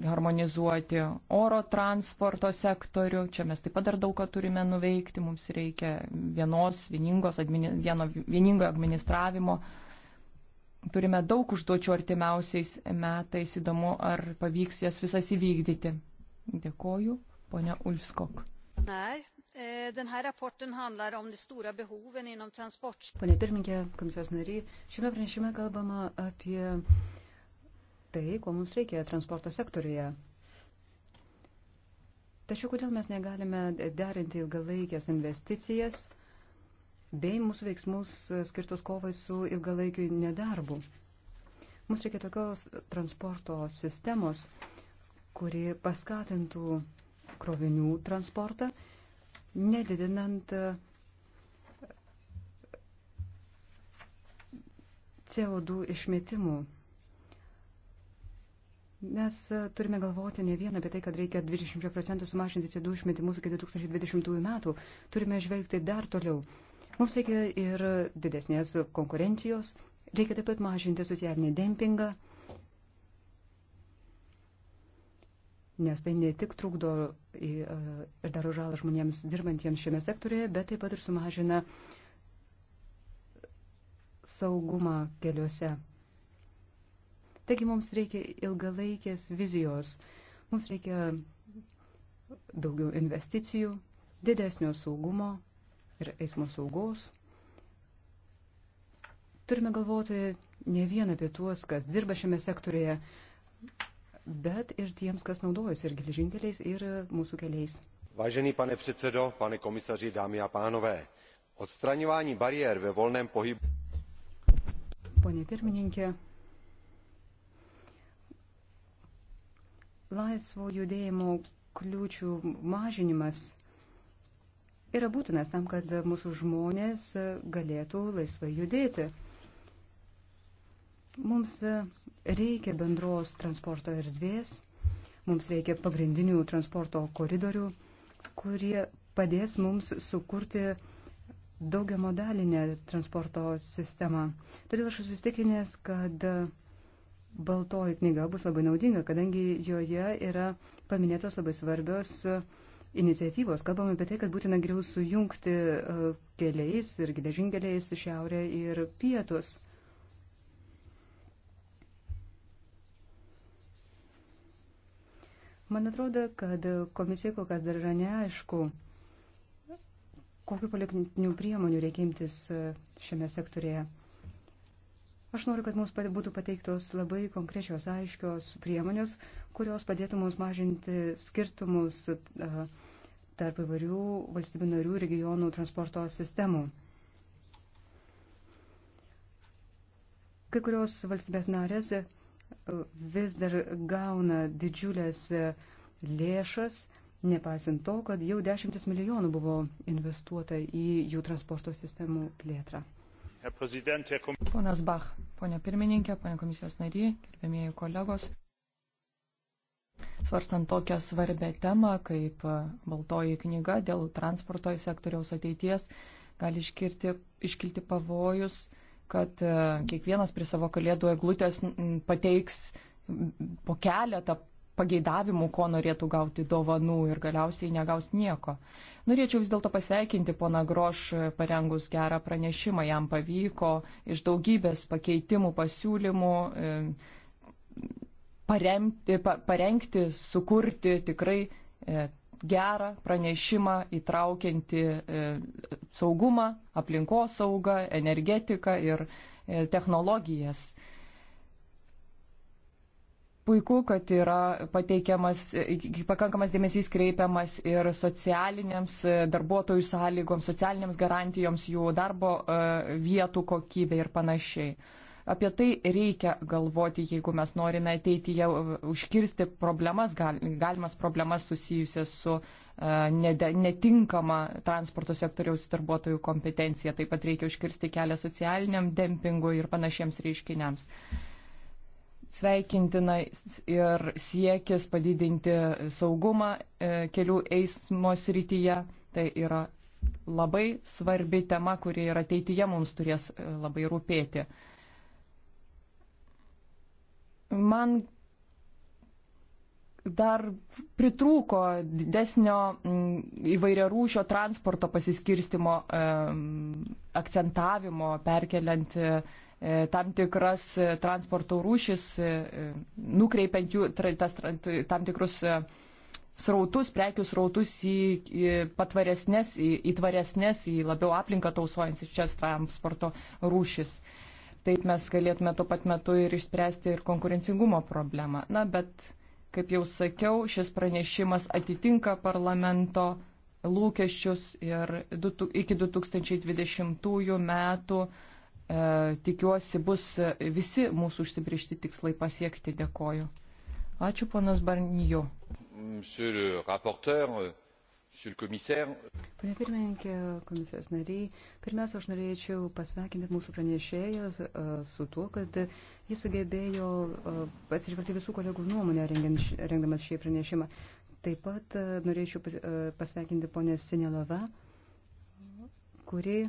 harmonizuoti oro transporto sektorių. Čia mes taip pat dar daug ką turime nuveikti. Mums reikia vienos, vieningos, admini, vieno, vieningo administravimo. Turime daug užduočių artimiausiais metais. Įdomu, ar pavyks jas visas įvykdyti. Dėkoju, ponia Ulfskok. Eh, Pane pirmininkė, komisijos nariai, šiame pranešime kalbama apie tai, ko mums reikia transporto sektoriuje. Tačiau kodėl mes negalime derinti ilgalaikės investicijas bei mūsų veiksmus skirtus kovai su ilgalaikiu nedarbu? Mums reikia tokios transporto sistemos, kuri paskatintų krovinių transportą, nedidinant e, CO2 išmetimų. Mes e, turime galvoti ne vieną apie tai, kad reikia 20 procentų sumažinti CO2 išmetimus iki 2020 metų. Turime žvelgti dar toliau. Mums reikia ir didesnės konkurencijos, reikia taip pat mažinti socialinį dempingą, nes tai ne tik trukdo e, ir daro žalą žmonėms dirbantiems šiame sektorėje, bet taip pat ir sumažina saugumą keliuose. Taigi mums reikia ilgalaikės vizijos, mums reikia daugiau investicijų, didesnio saugumo ir eismo saugos. Turime galvoti ne vien apie tuos, kas dirba šiame sektorėje, bet ir tiems, kas naudojasi ir geležinkeliais, ir e, mūsų keliais. Vážený pane předsedo, pane komisaři, dámy a pánové, odstraňování bariér ve volném pohybu. Pane pirmininkė, laisvo judėjimo kliūčių mažinimas yra būtinas tam, kad mūsų žmonės e, galėtų laisvai judėti. Mums e, reikia bendros transporto erdvės, mums reikia pagrindinių transporto koridorių, kurie padės mums sukurti daugia modalinę transporto sistemą. Todėl aš esu įstikinęs, kad baltoji knyga bus labai naudinga, kadangi joje yra paminėtos labai svarbios iniciatyvos. Kalbame apie tai, kad būtina geriau sujungti e, keliais ir geležinkeliais šiaurę ir pietus. Man atrodo, kad komisija kol kas dar yra neaišku, kokiu politinių priemonių reikia imtis e, šiame sektorėje. Aš noriu, kad mums būtų pateiktos labai konkrečios, aiškios priemonės, kurios padėtų mums mažinti skirtumus e, tarp įvairių valstybių narių regionų transporto sistemų. Kai kurios valstybės narės vis dar gauna didžiulės lėšas, nepaisant to, kad jau dešimtis milijonų buvo investuota į jų transporto sistemų plėtrą. Ponas Bach, ponia pirmininkė, ponia komisijos nary, gerbėmėjai kolegos. Svarstant tokią svarbę temą kaip Baltoji knyga dėl transporto sektoriaus ateities, gali iškirti, iškilti pavojus kad e, kiekvienas prie savo kalėdų eglutės pateiks po keletą pageidavimų, ko norėtų gauti dovanų ir galiausiai negaus nieko. Norėčiau vis dėlto pasveikinti pona Groš e, parengus gerą pranešimą, jam pavyko iš daugybės pakeitimų, pasiūlymų e, paremti, pa, parengti, sukurti tikrai gerą pranešimą įtraukianti e, saugumą, aplinkos saugą, energetiką ir e, technologijas. Puiku, kad yra pateikiamas, e, pakankamas dėmesys kreipiamas ir socialiniams darbuotojų sąlygoms, socialiniams garantijoms, jų darbo vietų kokybė ir panašiai. Apie tai reikia galvoti, jeigu mes norime ateityje uh, užkirsti problemas, galimas problemas susijusias su uh, netinkama transporto sektoriaus darbuotojų kompetencija. Taip pat reikia užkirsti kelią socialiniam dempingui ir panašiems reiškiniams sveikintina ir siekis padidinti saugumą uh, kelių eismo srityje. Tai yra labai svarbi tema, kuri ir ateityje mums turės labai rūpėti man dar pritrūko didesnio mm, įvairiarūšio transporto pasiskirstimo akcentavimo, perkeliant e, e, tam tikras e, transporto rūšis, nukreipiant jų tas, tam tikrus srautus, prekių srautus į, į patvaresnės, į, į tvaresnės, į labiau aplinką tausojančias transporto rūšis. Uh, Taip mes galėtume tuo pat metu ir išspręsti ir konkurencingumo problemą. Na, bet, kaip jau sakiau, šis pranešimas atitinka parlamento lūkesčius ir iki 2020 metų e, tikiuosi bus visi mūsų užsibriežti tikslai pasiekti. Dėkoju. Ačiū, ponas Barnijo. Monsieur le rapporteur, Pane pirmininkė, komisijos nariai, pirmiausia, aš norėčiau pasveikinti mūsų pranešėją su tuo, kad jis sugebėjo atsižvelgti visų kolegų nuomonę rengdamas šį pranešimą. Taip pat norėčiau pasveikinti ponę Sinelova, kuri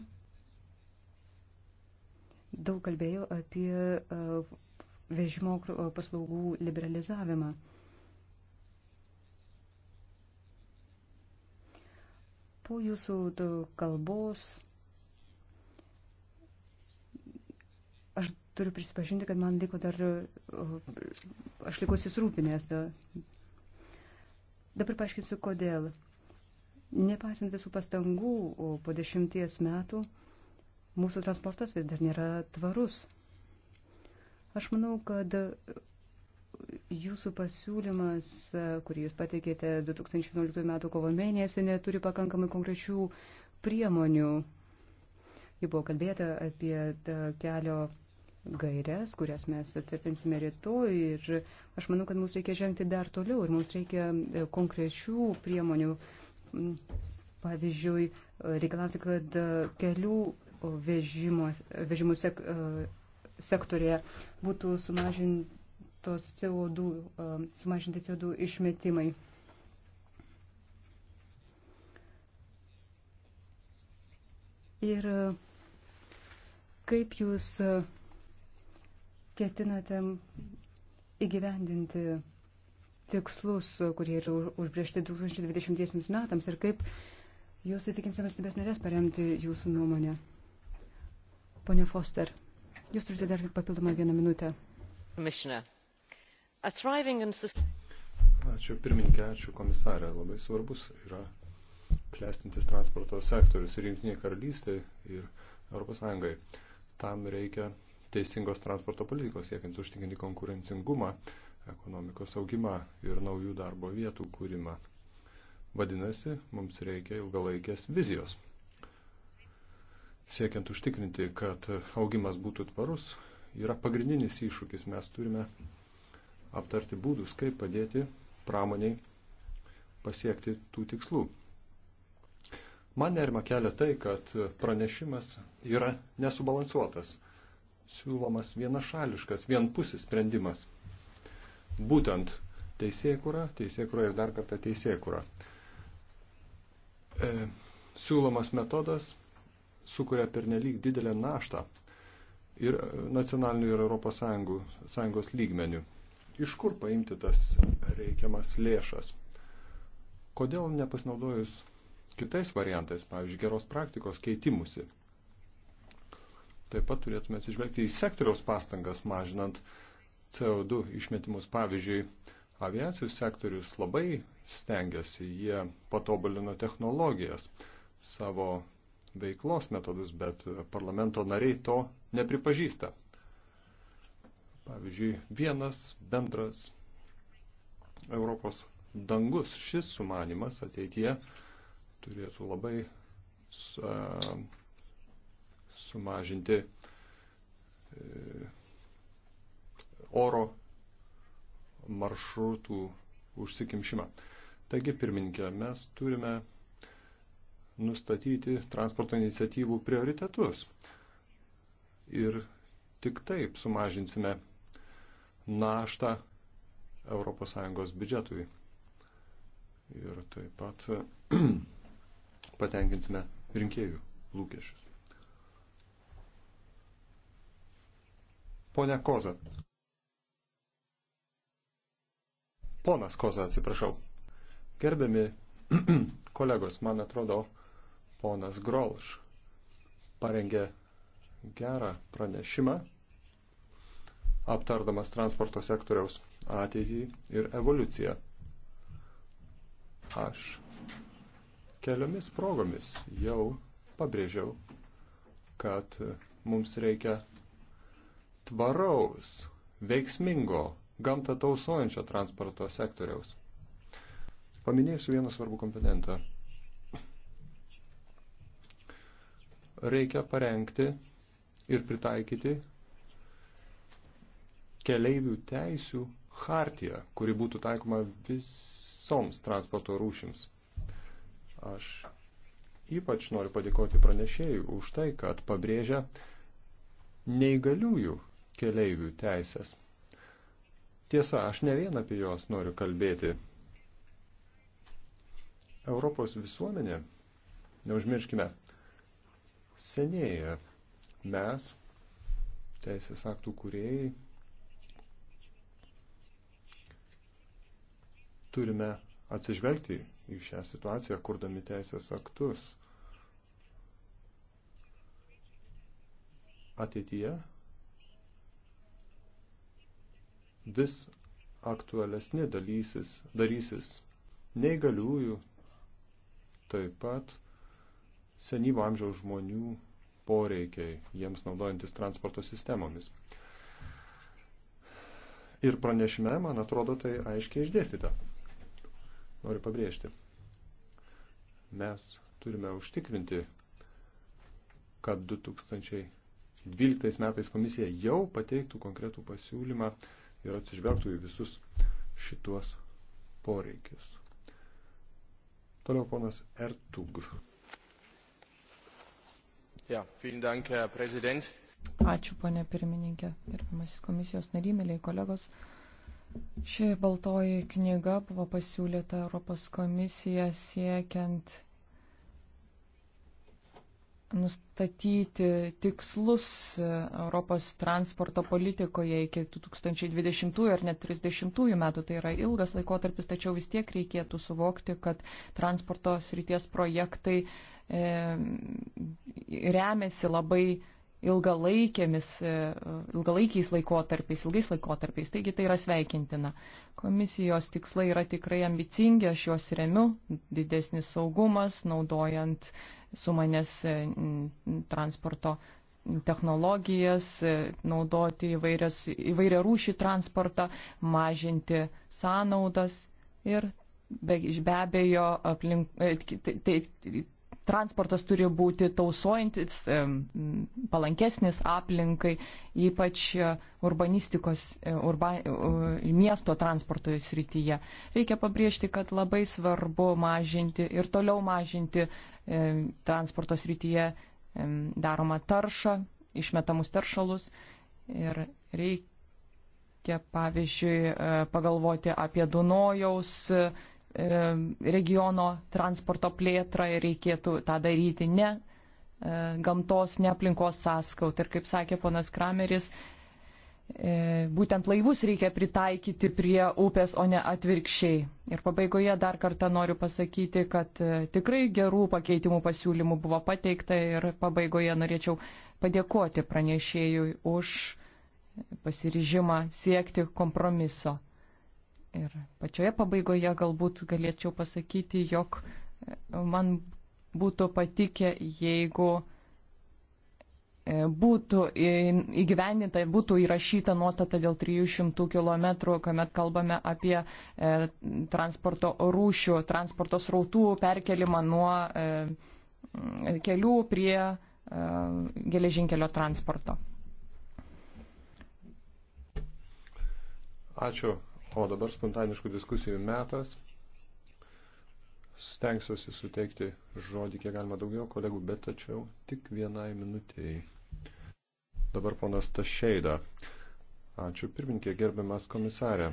daug kalbėjo apie vežimo paslaugų liberalizavimą. po jūsų kalbos aš turiu prisipažinti, kad man liko dar, aš liko susirūpinęs. Dabar paaiškinsiu, kodėl. Nepaisant visų pastangų, po dešimties metų mūsų transportas vis dar nėra tvarus. Aš manau, kad jūsų pasiūlymas, e, kurį jūs pateikėte 2011 m. kovo mėnesį, neturi pakankamai konkrečių priemonių. Jau buvo kalbėta apie kelio gairias, kurias mes tvirtinsime rytoj ir aš manau, kad mums reikia žengti dar toliau ir mums reikia e, konkrečių priemonių. Pavyzdžiui, reikalauti, kad e, kelių vežimo, vežimų sek, sektorėje būtų sumažinti tos CO2, e, sumažinti CO2 išmetimai. Ir e, kaip jūs e, ketinate įgyvendinti tikslus, kurie yra užbriežti 2020 metams ir kaip jūs įtikinsite valstybės narės paremti jūsų nuomonę? Pone Foster, jūs turite dar papildomą vieną minutę. Commissioner. Ačiū pirmininkė, ačiū komisarė. Labai svarbus yra klestintis transporto sektorius ir Junktinė karalystė ir ES. Tam reikia teisingos transporto politikos, siekiant užtikrinti konkurencingumą, ekonomikos augimą ir naujų darbo vietų kūrimą. Vadinasi, mums reikia ilgalaikės vizijos. Siekiant užtikrinti, kad augimas būtų tvarus, yra pagrindinis iššūkis. Mes turime aptarti būdus, kaip padėti pramoniai pasiekti tų tikslų. Man nerima kelia tai, kad pranešimas yra nesubalansuotas, siūlomas vienašališkas, vienpusis sprendimas. Būtent teisėkura, teisėkura ir dar kartą teisėkura. E, siūlomas metodas sukuria pernelyg didelę naštą ir nacionalinių ir Europos Sąjungų, Sąjungos lygmenių iš kur paimti tas reikiamas lėšas. Kodėl nepasinaudojus kitais variantais, pavyzdžiui, geros praktikos keitimusi? Taip pat turėtume atsižvelgti į sektoriaus pastangas mažinant CO2 išmetimus. Pavyzdžiui, aviacijos sektorius labai stengiasi, jie patobulino technologijas, savo veiklos metodus, bet parlamento nariai to nepripažįsta. Pavyzdžiui, vienas bendras Europos dangus. Šis sumanimas ateityje turėtų labai sumažinti e, oro maršrutų užsikimšimą. Taigi, pirmininkė, mes turime nustatyti transporto iniciatyvų prioritetus. Ir tik taip sumažinsime naštą ES biudžetui. Ir taip pat [CLEARS THROAT] patenkinsime rinkėjų lūkesčius. Pone Koza. Ponas Koza, atsiprašau. Gerbiami [CLEARS THROAT] kolegos, man atrodo, ponas Grolš parengė gerą pranešimą aptardamas transporto sektoriaus ateitį ir evoliuciją. Aš keliomis progomis jau pabrėžiau, kad mums reikia tvaraus, veiksmingo, gamtą tausojančio transporto sektoriaus. Paminėsiu vieną svarbų komponentą. Reikia parengti ir pritaikyti keleivių teisių hartiją, kuri būtų taikoma visoms transporto rūšims. Aš ypač noriu padėkoti pranešėjui už tai, kad pabrėžia neįgaliųjų keleivių teisės. Tiesa, aš ne vien apie juos noriu kalbėti. Europos visuomenė, neužmirškime, senėja. Mes, teisės aktų kuriejai, Turime atsižvelgti į šią situaciją, kurdami teisės aktus. Ateityje vis aktualesni dalysis, darysis neįgaliųjų, taip pat senyvo amžiaus žmonių poreikiai jiems naudojantis transporto sistemomis. Ir pranešime, man atrodo, tai aiškiai išdėstyta noriu pabrėžti. Mes turime užtikrinti, kad 2012 metais komisija jau pateiktų konkretų pasiūlymą ir atsižvelgtų į visus šituos poreikius. Toliau ponas Ertug. Ja, vielen Dank, Herr Präsident. Ačiū, ponė pirmininkė, gerbiamasis komisijos narymėliai, kolegos. Ši baltoji knyga buvo pasiūlyta Europos komisija siekiant nustatyti tikslus Europos transporto politikoje iki 2020 ar net 30 metų. Tai yra ilgas laikotarpis, tačiau vis tiek reikėtų suvokti, kad transporto srities projektai e, remiasi labai ilgalaikėmis, e, ilgalaikiais laikotarpiais, ilgais laikotarpiais. Taigi tai yra sveikintina. Komisijos tikslai yra tikrai ambicingi, aš juos remiu. Didesnis saugumas, naudojant sumanės e, transporto technologijas, e, naudoti įvairias, įvairią rūšį transportą, mažinti sąnaudas ir be, be abejo aplink, tai, tai, transportas turi būti tausojantis, palankesnis aplinkai, ypač e, urbanistikos, e, urba, e, miesto transporto srityje. Reikia pabrėžti, kad labai svarbu mažinti ir toliau mažinti transporto srityje daromą taršą, išmetamus taršalus ir reikia, pavyzdžiui, pagalvoti apie Dunojaus E, regiono transporto plėtrą ir reikėtų tą daryti ne e, gamtos, ne aplinkos sąskaut. Ir kaip sakė ponas Krameris, e, būtent laivus reikia pritaikyti prie upės, o ne atvirkščiai. Ir pabaigoje dar kartą noriu pasakyti, kad tikrai gerų pakeitimų pasiūlymų buvo pateikta ir pabaigoje norėčiau padėkoti pranešėjui už pasiryžimą siekti kompromiso. Ir pačioje pabaigoje galbūt galėčiau pasakyti, jog man būtų patikę, jeigu e, būtų įgyveninta, būtų įrašyta nuostata dėl 300 km, kuomet kalbame apie e, transporto rūšių, transporto srautų perkelimą nuo e, kelių prie geležinkelio transporto. Ačiū O dabar spontaniškų diskusijų metas. Stengsiuosi suteikti žodį kiek galima daugiau kolegų, bet tačiau tik vienai minutėjai. Dabar ponas Tašeida. Ačiū pirminkė, gerbiamas komisarė.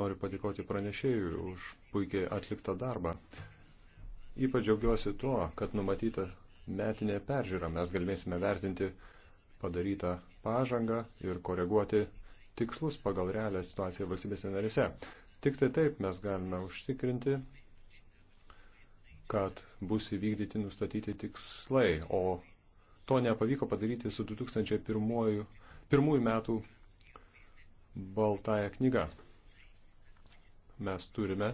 Noriu padėkoti pranešėjui už puikiai atliktą darbą. Ypač džiaugiuosi tuo, kad numatyta metinė peržiūra. Mes galėsime vertinti padarytą pažangą ir koreguoti tikslus pagal realią situaciją valstybėse narise. Tik tai taip mes galime užtikrinti, kad bus įvykdyti nustatyti tikslai, o to nepavyko padaryti su 2001 pirmųjų metų baltąją knygą. Mes turime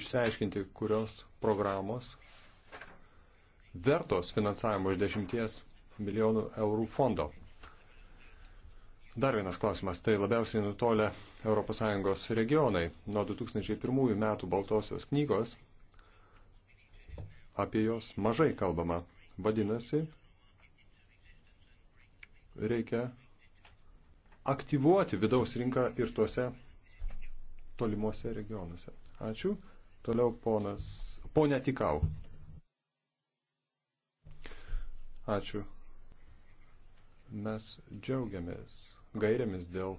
išsiaiškinti, kurios programos vertos finansavimo iš 10 milijonų eurų fondo. Dar vienas klausimas. Tai labiausiai nutolę ES regionai. Nuo 2001 metų Baltosios knygos apie jos mažai kalbama. Vadinasi, reikia aktyvuoti vidaus rinką ir tuose tolimuose regionuose. Ačiū. Toliau ponas, ponia Tikau. Ačiū. Mes džiaugiamės gairėmis dėl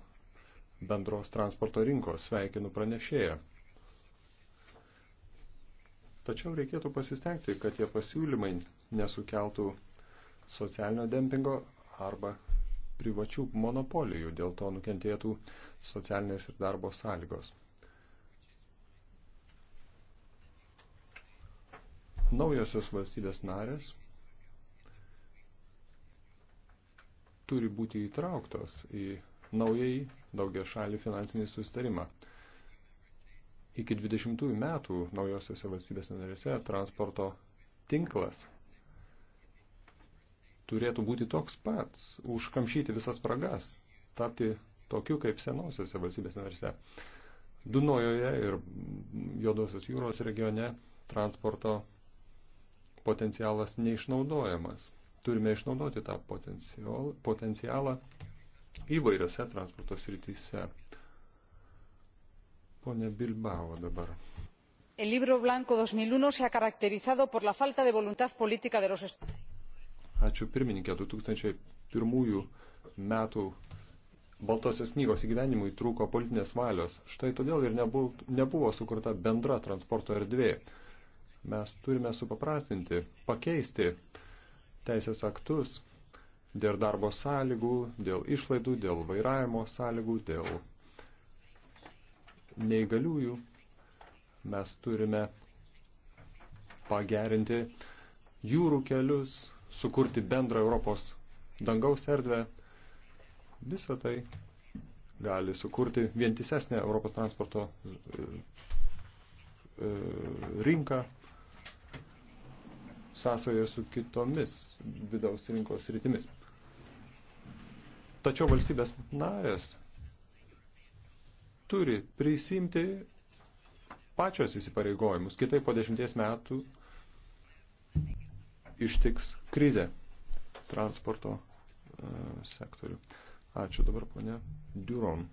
bendros transporto rinkos. Sveikinu pranešėją. Tačiau reikėtų pasistengti, kad tie pasiūlymai nesukeltų socialinio dempingo arba privačių monopolijų, dėl to nukentėtų socialinės ir darbo sąlygos. Naujosios valstybės narės turi būti įtrauktos į naująjį daugia šalį finansinį sustarimą. Iki 20 metų naujosiuose valstybės narėse transporto tinklas turėtų būti toks pats, užkamšyti visas spragas, tapti tokiu kaip senosiuose valstybės narėse. Dunojoje ir Jodosios jūros regione transporto potencialas neišnaudojamas. Turime išnaudoti tą potencialą įvairiose transporto srityse. Pone Bilbao dabar. El libro blanco 2001 se ha caracterizado por la falta de voluntad política de los Estados. Ačiū pirmininkė, 2001 metų Baltosios knygos įgyvenimui trūko politinės valios. Štai todėl ir nebuvo, nebuvo sukurta bendra transporto erdvė. Mes turime supaprastinti, pakeisti teisės aktus dėl darbo sąlygų, dėl išlaidų, dėl vairavimo sąlygų, dėl neįgaliųjų. Mes turime pagerinti jūrų kelius, sukurti bendrą Europos dangaus erdvę. Visą tai gali sukurti vientisesnę Europos transporto e, e, rinką sąsoje su kitomis vidaus rinkos rytimis. Tačiau valstybės narės turi prisimti pačios įsipareigojimus, kitaip po dešimties metų ištiks krizė transporto uh, sektorių. Ačiū dabar, ponė Duron.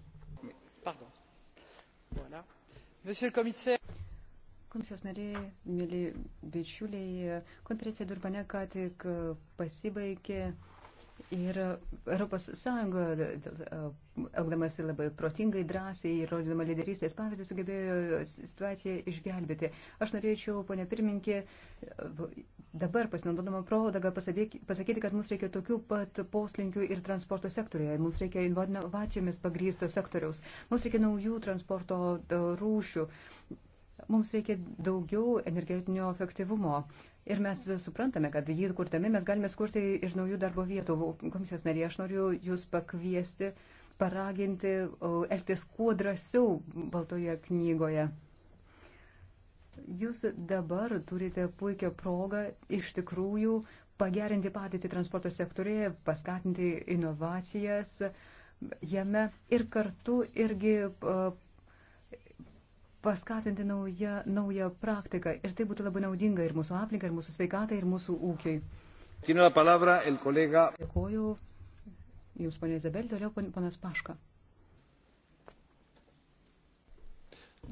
Pardon. Voilà. Monsieur le commissaire. Komisijos nariai, mėly bičiuliai, konferencija Durbane ką tik e, pasibaigė ir ES, elgdamasi labai protingai, drąsiai ir rodydama lyderystės pavyzdį, sugebėjo situaciją išgelbėti. Aš norėčiau, ponia pirminkė, dabar pasinaudodama progą pasakyti, kad mums reikia tokių pat poslinkių ir transporto sektoriuje. Mums reikia inovacijomis pagrysto sektoriaus. Mums reikia naujų transporto rūšių Mums reikia daugiau energetinio efektyvumo. Ir mes suprantame, kad jį kurdami mes galime skurti ir naujų darbo vietų. Komisijos narė, aš noriu Jūs pakviesti, paraginti, elgtis kuo drąsiau Baltoje knygoje. Jūs dabar turite puikią progą iš tikrųjų pagerinti padėtį transporto sektorėje, paskatinti inovacijas jame ir kartu irgi paskatinti naują, naują praktiką ir tai būtų labai naudinga ir mūsų aplinkai, ir mūsų sveikatai, ir mūsų ūkiai. Dėkuoju Jums, ponė Izabel, toliau ponas Paška.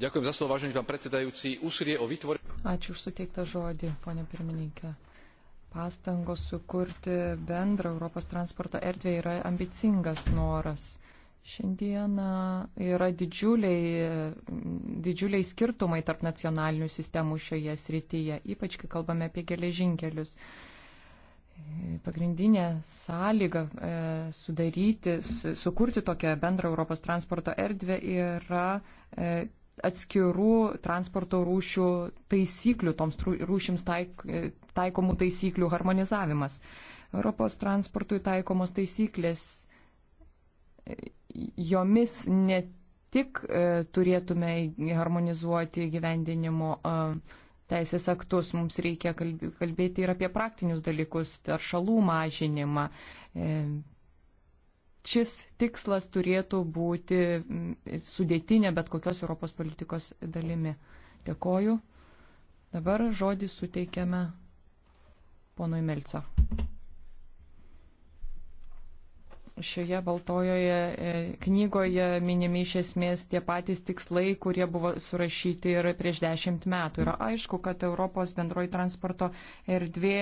Ďakujem za slovo, vážený pán predsedajúci. Úsilie o vytvorenie. Ačiū už suteiktą žodį, ponė pirmininkė. Pastangos sukurti bendrą Europos transporto erdvę yra ambicingas noras Šiandieną yra didžiuliai, didžiuliai skirtumai tarp nacionalinių sistemų šioje srityje, ypač kai kalbame apie geležinkelius. Pagrindinė sąlyga e, sudaryti, su, sukurti tokią bendrą Europos transporto erdvę yra e, atskirų transporto rūšių taisyklių, toms rūšims taik, e, taikomų taisyklių harmonizavimas. Europos transportui taikomos taisyklės jomis ne tik e, turėtume harmonizuoti gyvendinimo e, teisės aktus, mums reikia kalbėti ir apie praktinius dalykus, taršalų mažinimą. E, šis tikslas turėtų būti sudėtinė bet kokios Europos politikos dalimi. Dėkoju. Dabar žodį suteikiame ponui Melca. Šioje baltojoje e, knygoje minimi iš esmės tie patys tikslai, kurie buvo surašyti ir prieš dešimt metų. Yra aišku, kad Europos bendroji transporto erdvė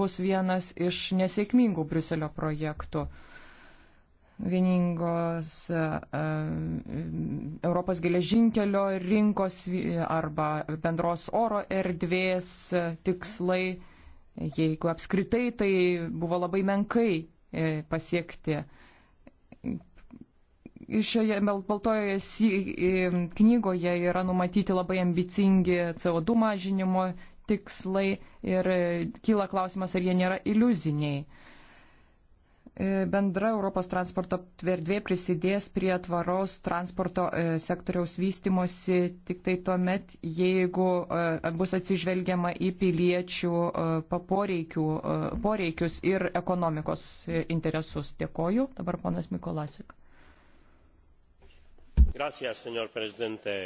bus vienas iš nesėkmingų Bruselio projektų. Vieningos e, e, Europos geležinkelio rinkos arba bendros oro erdvės tikslai, jeigu apskritai, tai buvo labai menkai E, pasiekti. Šioje baltojoje e, knygoje yra numatyti labai ambicingi CO2 mažinimo tikslai ir e, kyla klausimas, ar jie nėra iliuziniai. E, bendra Europos transporto tverdvė prisidės prie tvaraus transporto e, sektoriaus vystimosi tik tai tuo met, jeigu e, bus atsižvelgiama į piliečių poreikius ir ekonomikos interesus. Dėkoju. Dabar ponas Mikolasik. Gracias, señor presidente.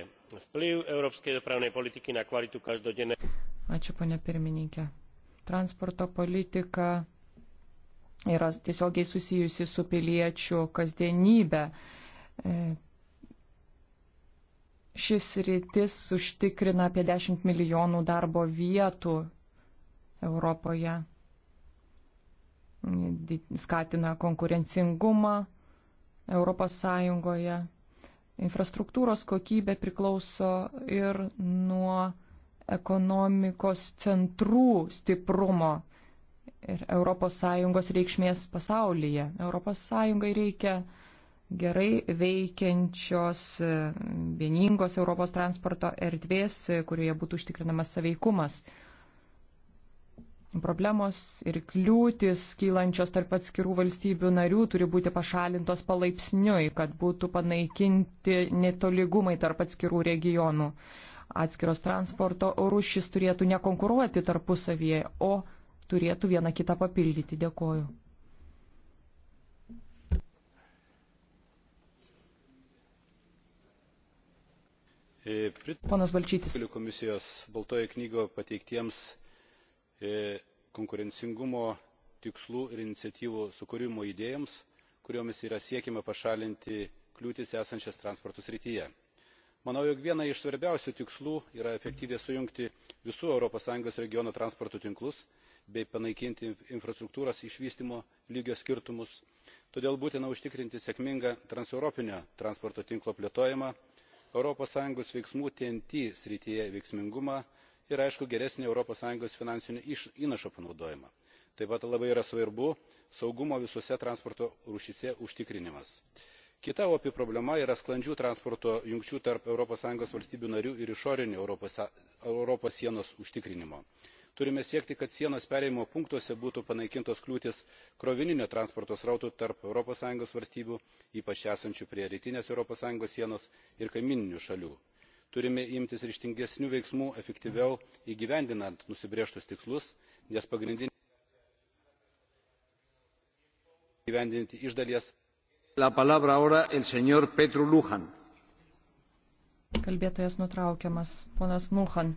Vplyv európskej dopravnej politiky na kvalitu každodennej. Ačiū, ponia pirmininkė. Transporto politika yra tiesiogiai susijusi su piliečių kasdienybė. E, šis rytis užtikrina apie 10 milijonų darbo vietų Europoje, skatina konkurencingumą Europos Sąjungoje. Infrastruktūros kokybė priklauso ir nuo ekonomikos centrų stiprumo ir ES reikšmės pasaulyje. ES reikia gerai veikiančios vieningos Europos transporto erdvės, kurioje būtų užtikrinamas saveikumas. Problemos ir kliūtis kylančios tarp atskirų valstybių narių turi būti pašalintos palaipsniui, kad būtų panaikinti netoligumai tarp atskirų regionų. Atskiros transporto rušys turėtų nekonkuruoti tarpusavyje, o turėtų vieną kitą papildyti. Dėkoju. E, Ponas Balčytis. Komisijos Baltojo knygo pateiktiems e, konkurencingumo tikslų ir iniciatyvų sukūrimo idėjams, kuriomis yra siekiama pašalinti kliūtis esančias transporto srityje. Manau, jog viena iš svarbiausių tikslų yra efektyviai sujungti visų ES regiono transporto tinklus bei panaikinti infrastruktūros išvystymo lygio skirtumus todėl būtina užtikrinti sėkmingą transeuropinio transporto tinklo plėtojimą europos sąjungos veiksmų tnt srityje veiksmingumą ir aišku geresnį europos sąjungos finansinio įnašo panaudojimą. taip pat labai yra svarbu saugumo visose transporto rūšyse užtikrinimas. kita opi problema yra sklandžių transporto jungčių tarp europos sąjungos valstybių narių ir išorinių europos sienos užtikrinimo turime siekti kad sienos perėjimo punktuose būtų panaikintos kliūtys krovininio transporto srautui tarp europos sąjungos valstybių ypač esančių prie rytinės europos sąjungos sienos ir kaimyninių šalių. turime imtis ryžtingesnių veiksmų efektyviau įgyvendinant nusibrėžtus tikslus nes pagrindiniai įpareigojimai įgyvendinti iš dalies kalbėtojas nutraukiamas ponas luhan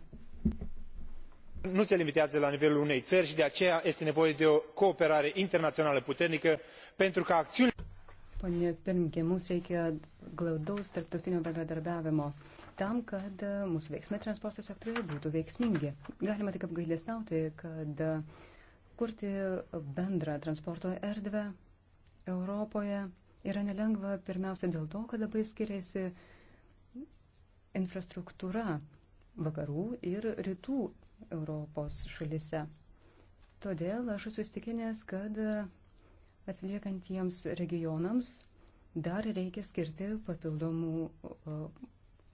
nu se limitează la nivelul unei ări i de aceea este nevoie de o cooperare internaională puternică pentru ca aciunile Pone pirmininkė, mums reikia glaudaus tarptautinio bendradarbiavimo tam, kad e, mūsų veiksmai transporto sektoriuje būtų veiksmingi. Galima tik apgailestauti, kad e, kurti bendrą transporto erdvę Europoje yra nelengva pirmiausia dėl to, kad labai skiriasi infrastruktūra vakarų ir rytų Europos šalise. Todėl aš esu įstikinęs, kad atsiliekantiems regionams dar reikia skirti papildomų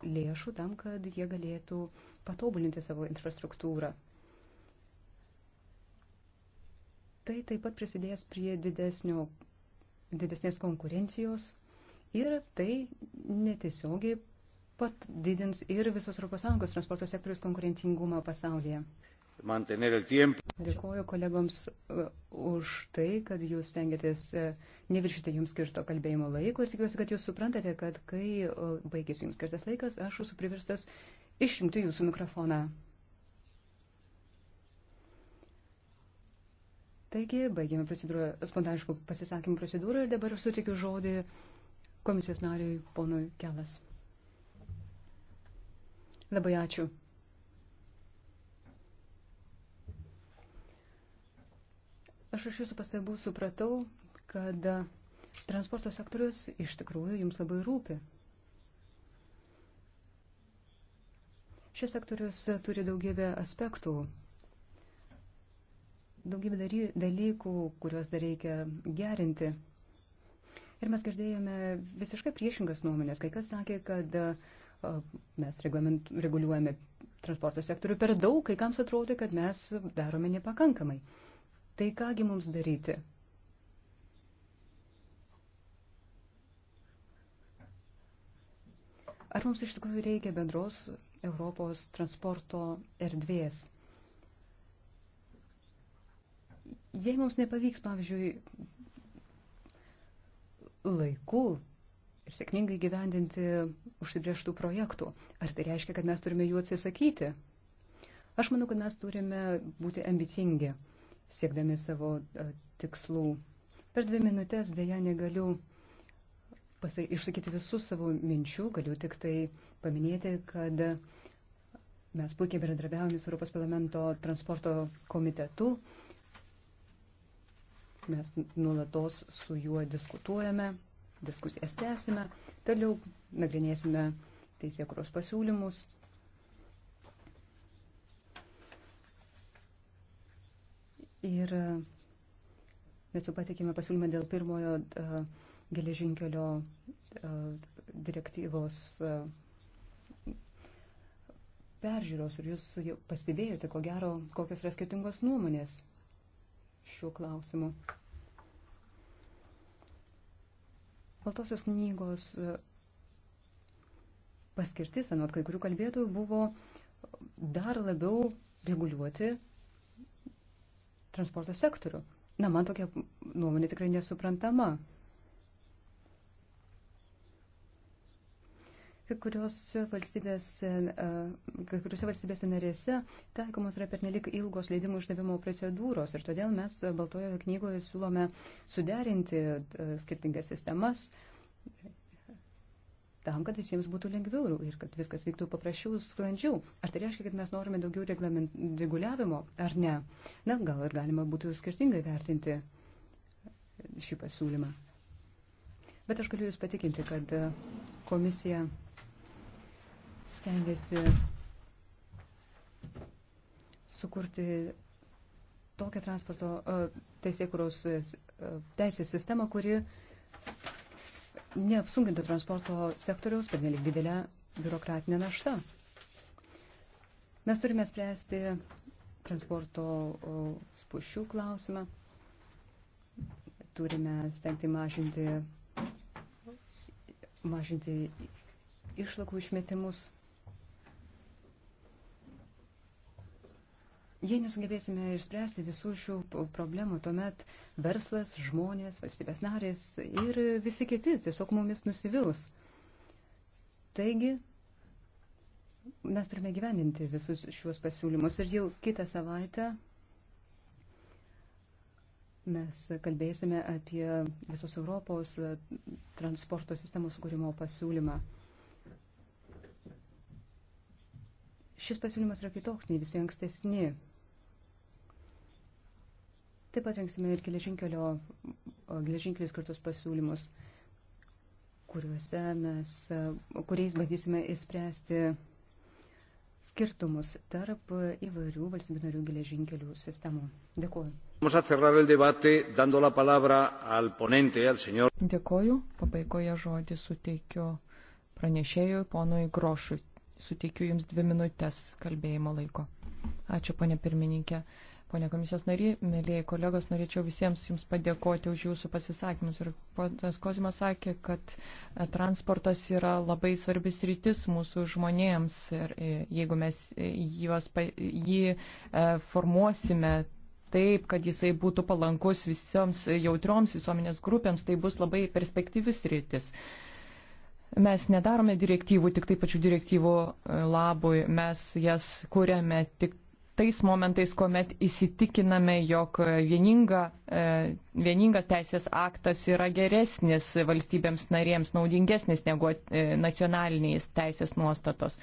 lėšų tam, kad jie galėtų patobulinti savo infrastruktūrą. Tai taip pat prisidės prie didesnio, didesnės konkurencijos ir tai netiesiogiai pat didins ir visos ES transporto sektorius konkurentingumą pasaulyje. Dėkuoju kolegoms e, už tai, kad jūs tengiatės e, neviršyti jums skirto kalbėjimo laiko ir tikiuosi, kad jūs suprantate, kad kai e, baigėsi jums skirtas laikas, aš esu priverstas išjungti jūsų mikrofoną. Taigi, baigėme spontaniškų pasisakymų procedūrą ir dabar sutikiu žodį komisijos nariui ponui Kelas. Labai ačiū. Aš iš jūsų pastabų supratau, kad transporto sektorius iš tikrųjų jums labai rūpi. Šis sektorius turi daugybę aspektų, daugybę dalykų, kuriuos dar reikia gerinti. Ir mes girdėjome visiškai priešingas nuomonės. Kai kas sakė, kad uh, mes reguliuojame transporto sektorių per daug, kai kams atrodo, kad mes darome nepakankamai. Tai kągi mums daryti? Ar mums iš tikrųjų reikia bendros Europos transporto erdvės? Jei mums nepavyks, pavyzdžiui, laiku ir sėkmingai gyvendinti užsibrieštų projektų. Ar tai reiškia, kad mes turime jų atsisakyti? Aš manau, kad mes turime būti ambicingi, siekdami savo e, tikslų. Per dvi minutės dėja negaliu pasai, išsakyti visus savo minčių, galiu tik tai paminėti, kad mes puikiai bendradarbiavome su Europos parlamento transporto komitetu. Mes nuolatos su juo diskutuojame, diskusijas tęsime, toliau nagrinėsime teisėkuros pasiūlymus. Ir mes jau patikėme pasiūlymą dėl pirmojo uh, geležinkelio uh, direktyvos uh, peržiūros ir jūs pastebėjote, ko gero, kokios yra skirtingos nuomonės šiuo klausimu. Baltosios knygos e, paskirtis, anot kai kurių kalbėtojų, buvo dar labiau reguliuoti transporto sektorių. Na, man tokia nuomonė tikrai nesuprantama. Kai, kurios valstybės, e, kai kuriuose valstybėse narėse taikomos yra pernelik ilgos leidimų išdavimo procedūros ir todėl mes Baltojoje knygoje siūlome suderinti e, skirtingas sistemas tam, kad visiems būtų lengviau ir kad viskas vyktų paprasčiau, sklandžiau. Ar tai reiškia, kad mes norime daugiau reguliavimo, ar ne? Na, gal ir galima būtų skirtingai vertinti šį pasiūlymą. Bet aš galiu Jūs patikinti, kad e, komisija stengiasi sukurti tokią transporto e, teisėkuros e, e, teisės sistemą, kuri neapsunkintų transporto sektoriaus per nelik didelę biurokratinę naštą. Mes turime spręsti transporto spušių klausimą, turime stengti mažinti, mažinti išlakų išmetimus. Jei nesugebėsime išspręsti visų šių problemų, tuomet verslas, žmonės, valstybės narės ir visi kiti tiesiog mumis nusivils. Taigi, mes turime gyveninti visus šiuos pasiūlymus ir jau kitą savaitę Mes kalbėsime apie visos Europos transporto sistemos kūrimo pasiūlymą. Šis pasiūlymas yra kitoks nei visi ankstesni. Taip pat rengsime ir geležinkelių skirtus pasiūlymus, mes, kuriais bandysime įspręsti skirtumus tarp įvairių valstybių narių geležinkelių sistemų. Dėkuoju. Dėkuoju. Pabaigoje žodį suteikiu pranešėjui ponui Grošui. Suteikiu jums dvi minutės kalbėjimo laiko. Ačiū, ponė pirmininkė. Pone komisijos nariai, mėlyje kolegos, norėčiau visiems Jums padėkoti už Jūsų pasisakymus. Ir ponas Kozimas sakė, kad e, transportas yra labai svarbis rytis mūsų žmonėms. Ir e, jeigu mes e, juos, jį formuosime taip, kad jisai būtų palankus visoms jautrioms visuomenės grupėms, tai bus labai perspektyvis rytis mes nedarome direktyvų tik tai pačių direktyvų labui, mes jas kuriame tik tais momentais, kuomet įsitikiname, jog e, vieninga, e, vieningas teisės aktas yra geresnis valstybėms narėms, naudingesnis negu e, nacionalinės teisės nuostatos.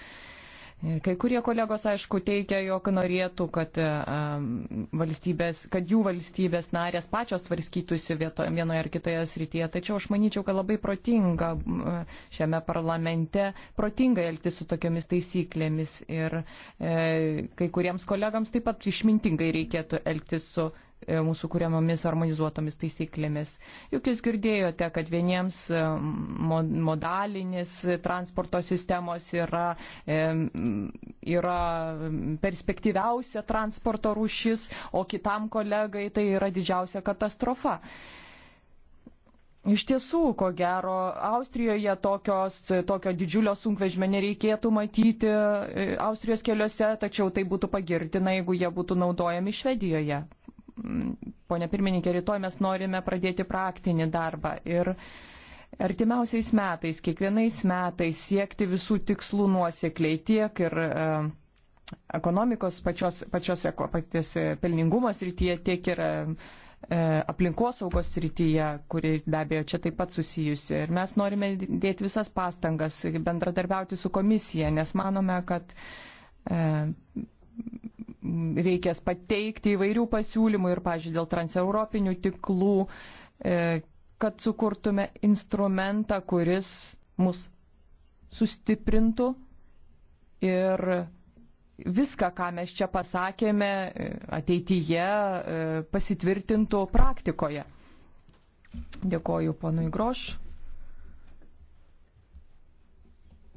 Ir kai kurie kolegos, aišku, teikia, jog norėtų, kad, um, valstybės, kad jų valstybės narės pačios tvarkytųsi vienoje ar kitoje srityje. Tačiau aš manyčiau, kad labai protinga uh, šiame parlamente protingai elgtis su tokiamis taisyklėmis. Ir e, kai kuriems kolegams taip pat išmintingai reikėtų elgtis su E, mūsų kuriamomis harmonizuotomis taisyklėmis. Juk jūs girdėjote, kad vieniems e, modalinis transporto sistemos yra, e, yra perspektyviausia transporto rūšis, o kitam kolegai tai yra didžiausia katastrofa. Iš tiesų, ko gero, Austrijoje tokios, tokio didžiulio sunkvežimio nereikėtų matyti Austrijos keliuose, tačiau tai būtų pagirtina, jeigu jie būtų naudojami Švedijoje ponia pirmininkė, rytoj mes norime pradėti praktinį darbą ir artimiausiais metais, kiekvienais metais siekti visų tikslų nuosekliai tiek ir e, ekonomikos pačios, pačios, paties e, pelningumos rytyje, tiek ir e, aplinkosaugos srityje, kuri be abejo čia taip pat susijusi. Ir mes norime dėti visas pastangas bendradarbiauti su komisija, nes manome, kad reikės pateikti įvairių pasiūlymų ir, pažiūrėjau, dėl transeuropinių tiklų, e, kad sukurtume instrumentą, kuris mus sustiprintų ir viską, ką mes čia pasakėme, e, ateityje e, pasitvirtintų praktikoje. Dėkoju ponui Groš.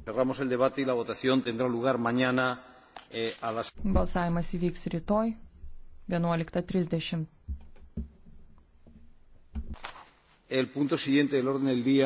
Cerramos el debate y la votación tendrá lugar mañana. E, Balsavimas įvyks rytoj 11.30.